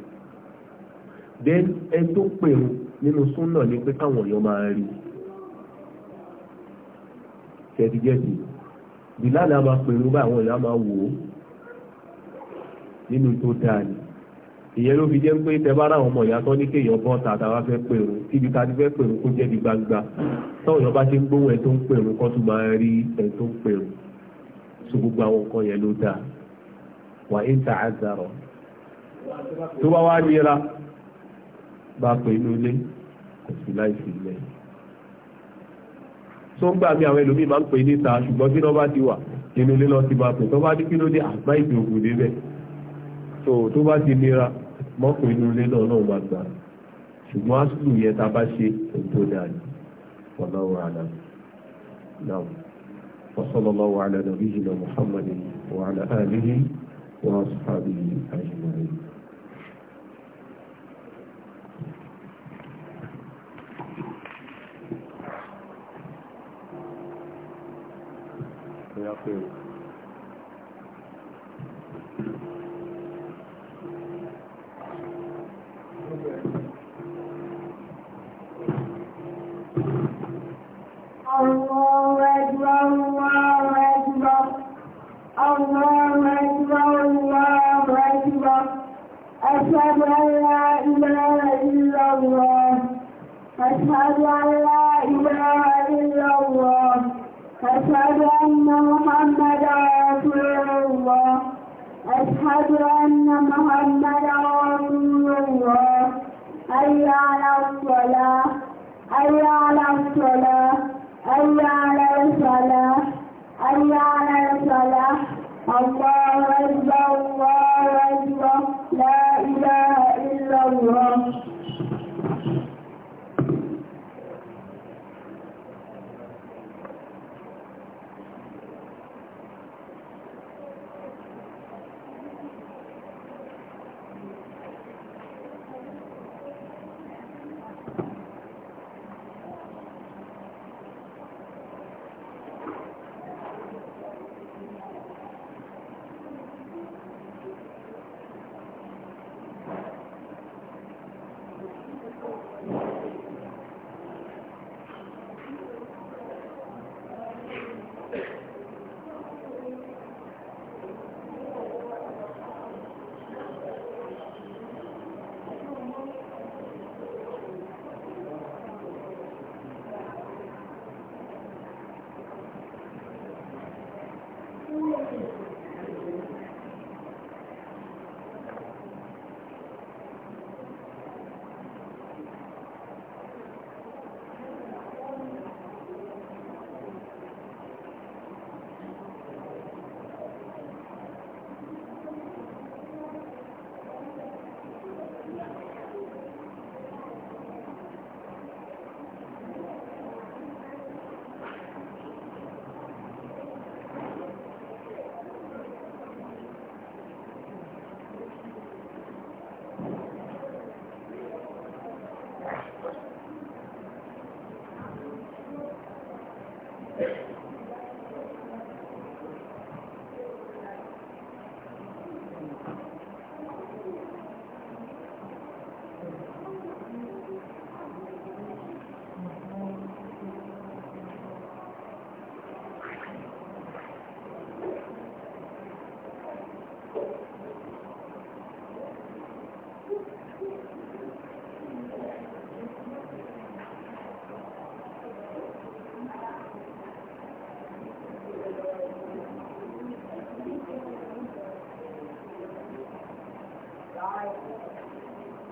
then ẹni tó pèrò nínú súnà ni pé káwọn èèyàn máa rí tẹ̀sí gẹ̀ẹ́sì bìlá làá máa pèrò bá àwọn èèyàn máa wò ó nínú tó dáa ni ìyẹn ló fi jẹ́ pé tẹ bá ráwọn ọmọ ìyá tán ní kéèyàn bọ́ tàtàwá fẹ́ pèrò kíbi ta ti fẹ́ pèrò kó jẹ́ di gbangba táwọn èèyàn bá ṣe ń gbóhùn ẹ̀ tó ń pèrò kó tún máa rí ẹ̀ tó ń pèrò so gbogbo àwọn nǹkan yẹn ló dáa wà á ń ta àzàrọ̀ tó bá wá nira bá pè inú ilé kò sí láìsí ilẹ̀ tó ń gbà mí àwọn ẹlòmíì máa ń pè níta ṣùgbọ́n kí wọ́n bá ti wà inú ilé lọ ti bá pè tó bá ní kí ló dé àgbá ìdògùn débẹ̀ tó bá ti nira mọ́kùn inú ilé náà náà wà gbà ṣùgbọ́n àṣìlù yẹn tá a bá ṣe ètò náà ni wallahu a'lam náà وصلى الله على نبينا محمد وعلى آله وأصحابه أجمعين Obrigado.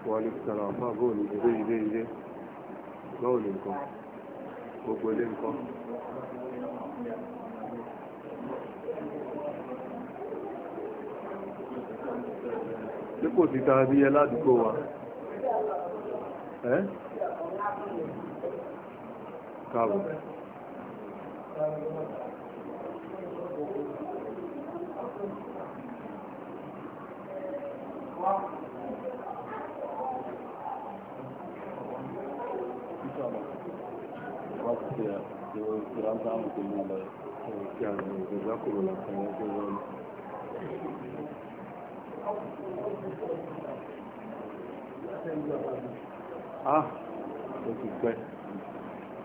wọ́n góòlù ilé ilé ilé góòlù nǹkan gbogbo ilé nǹkan dípò ti ta bí ẹ wa ẹ́ káàbọ̀ Ah, eu fico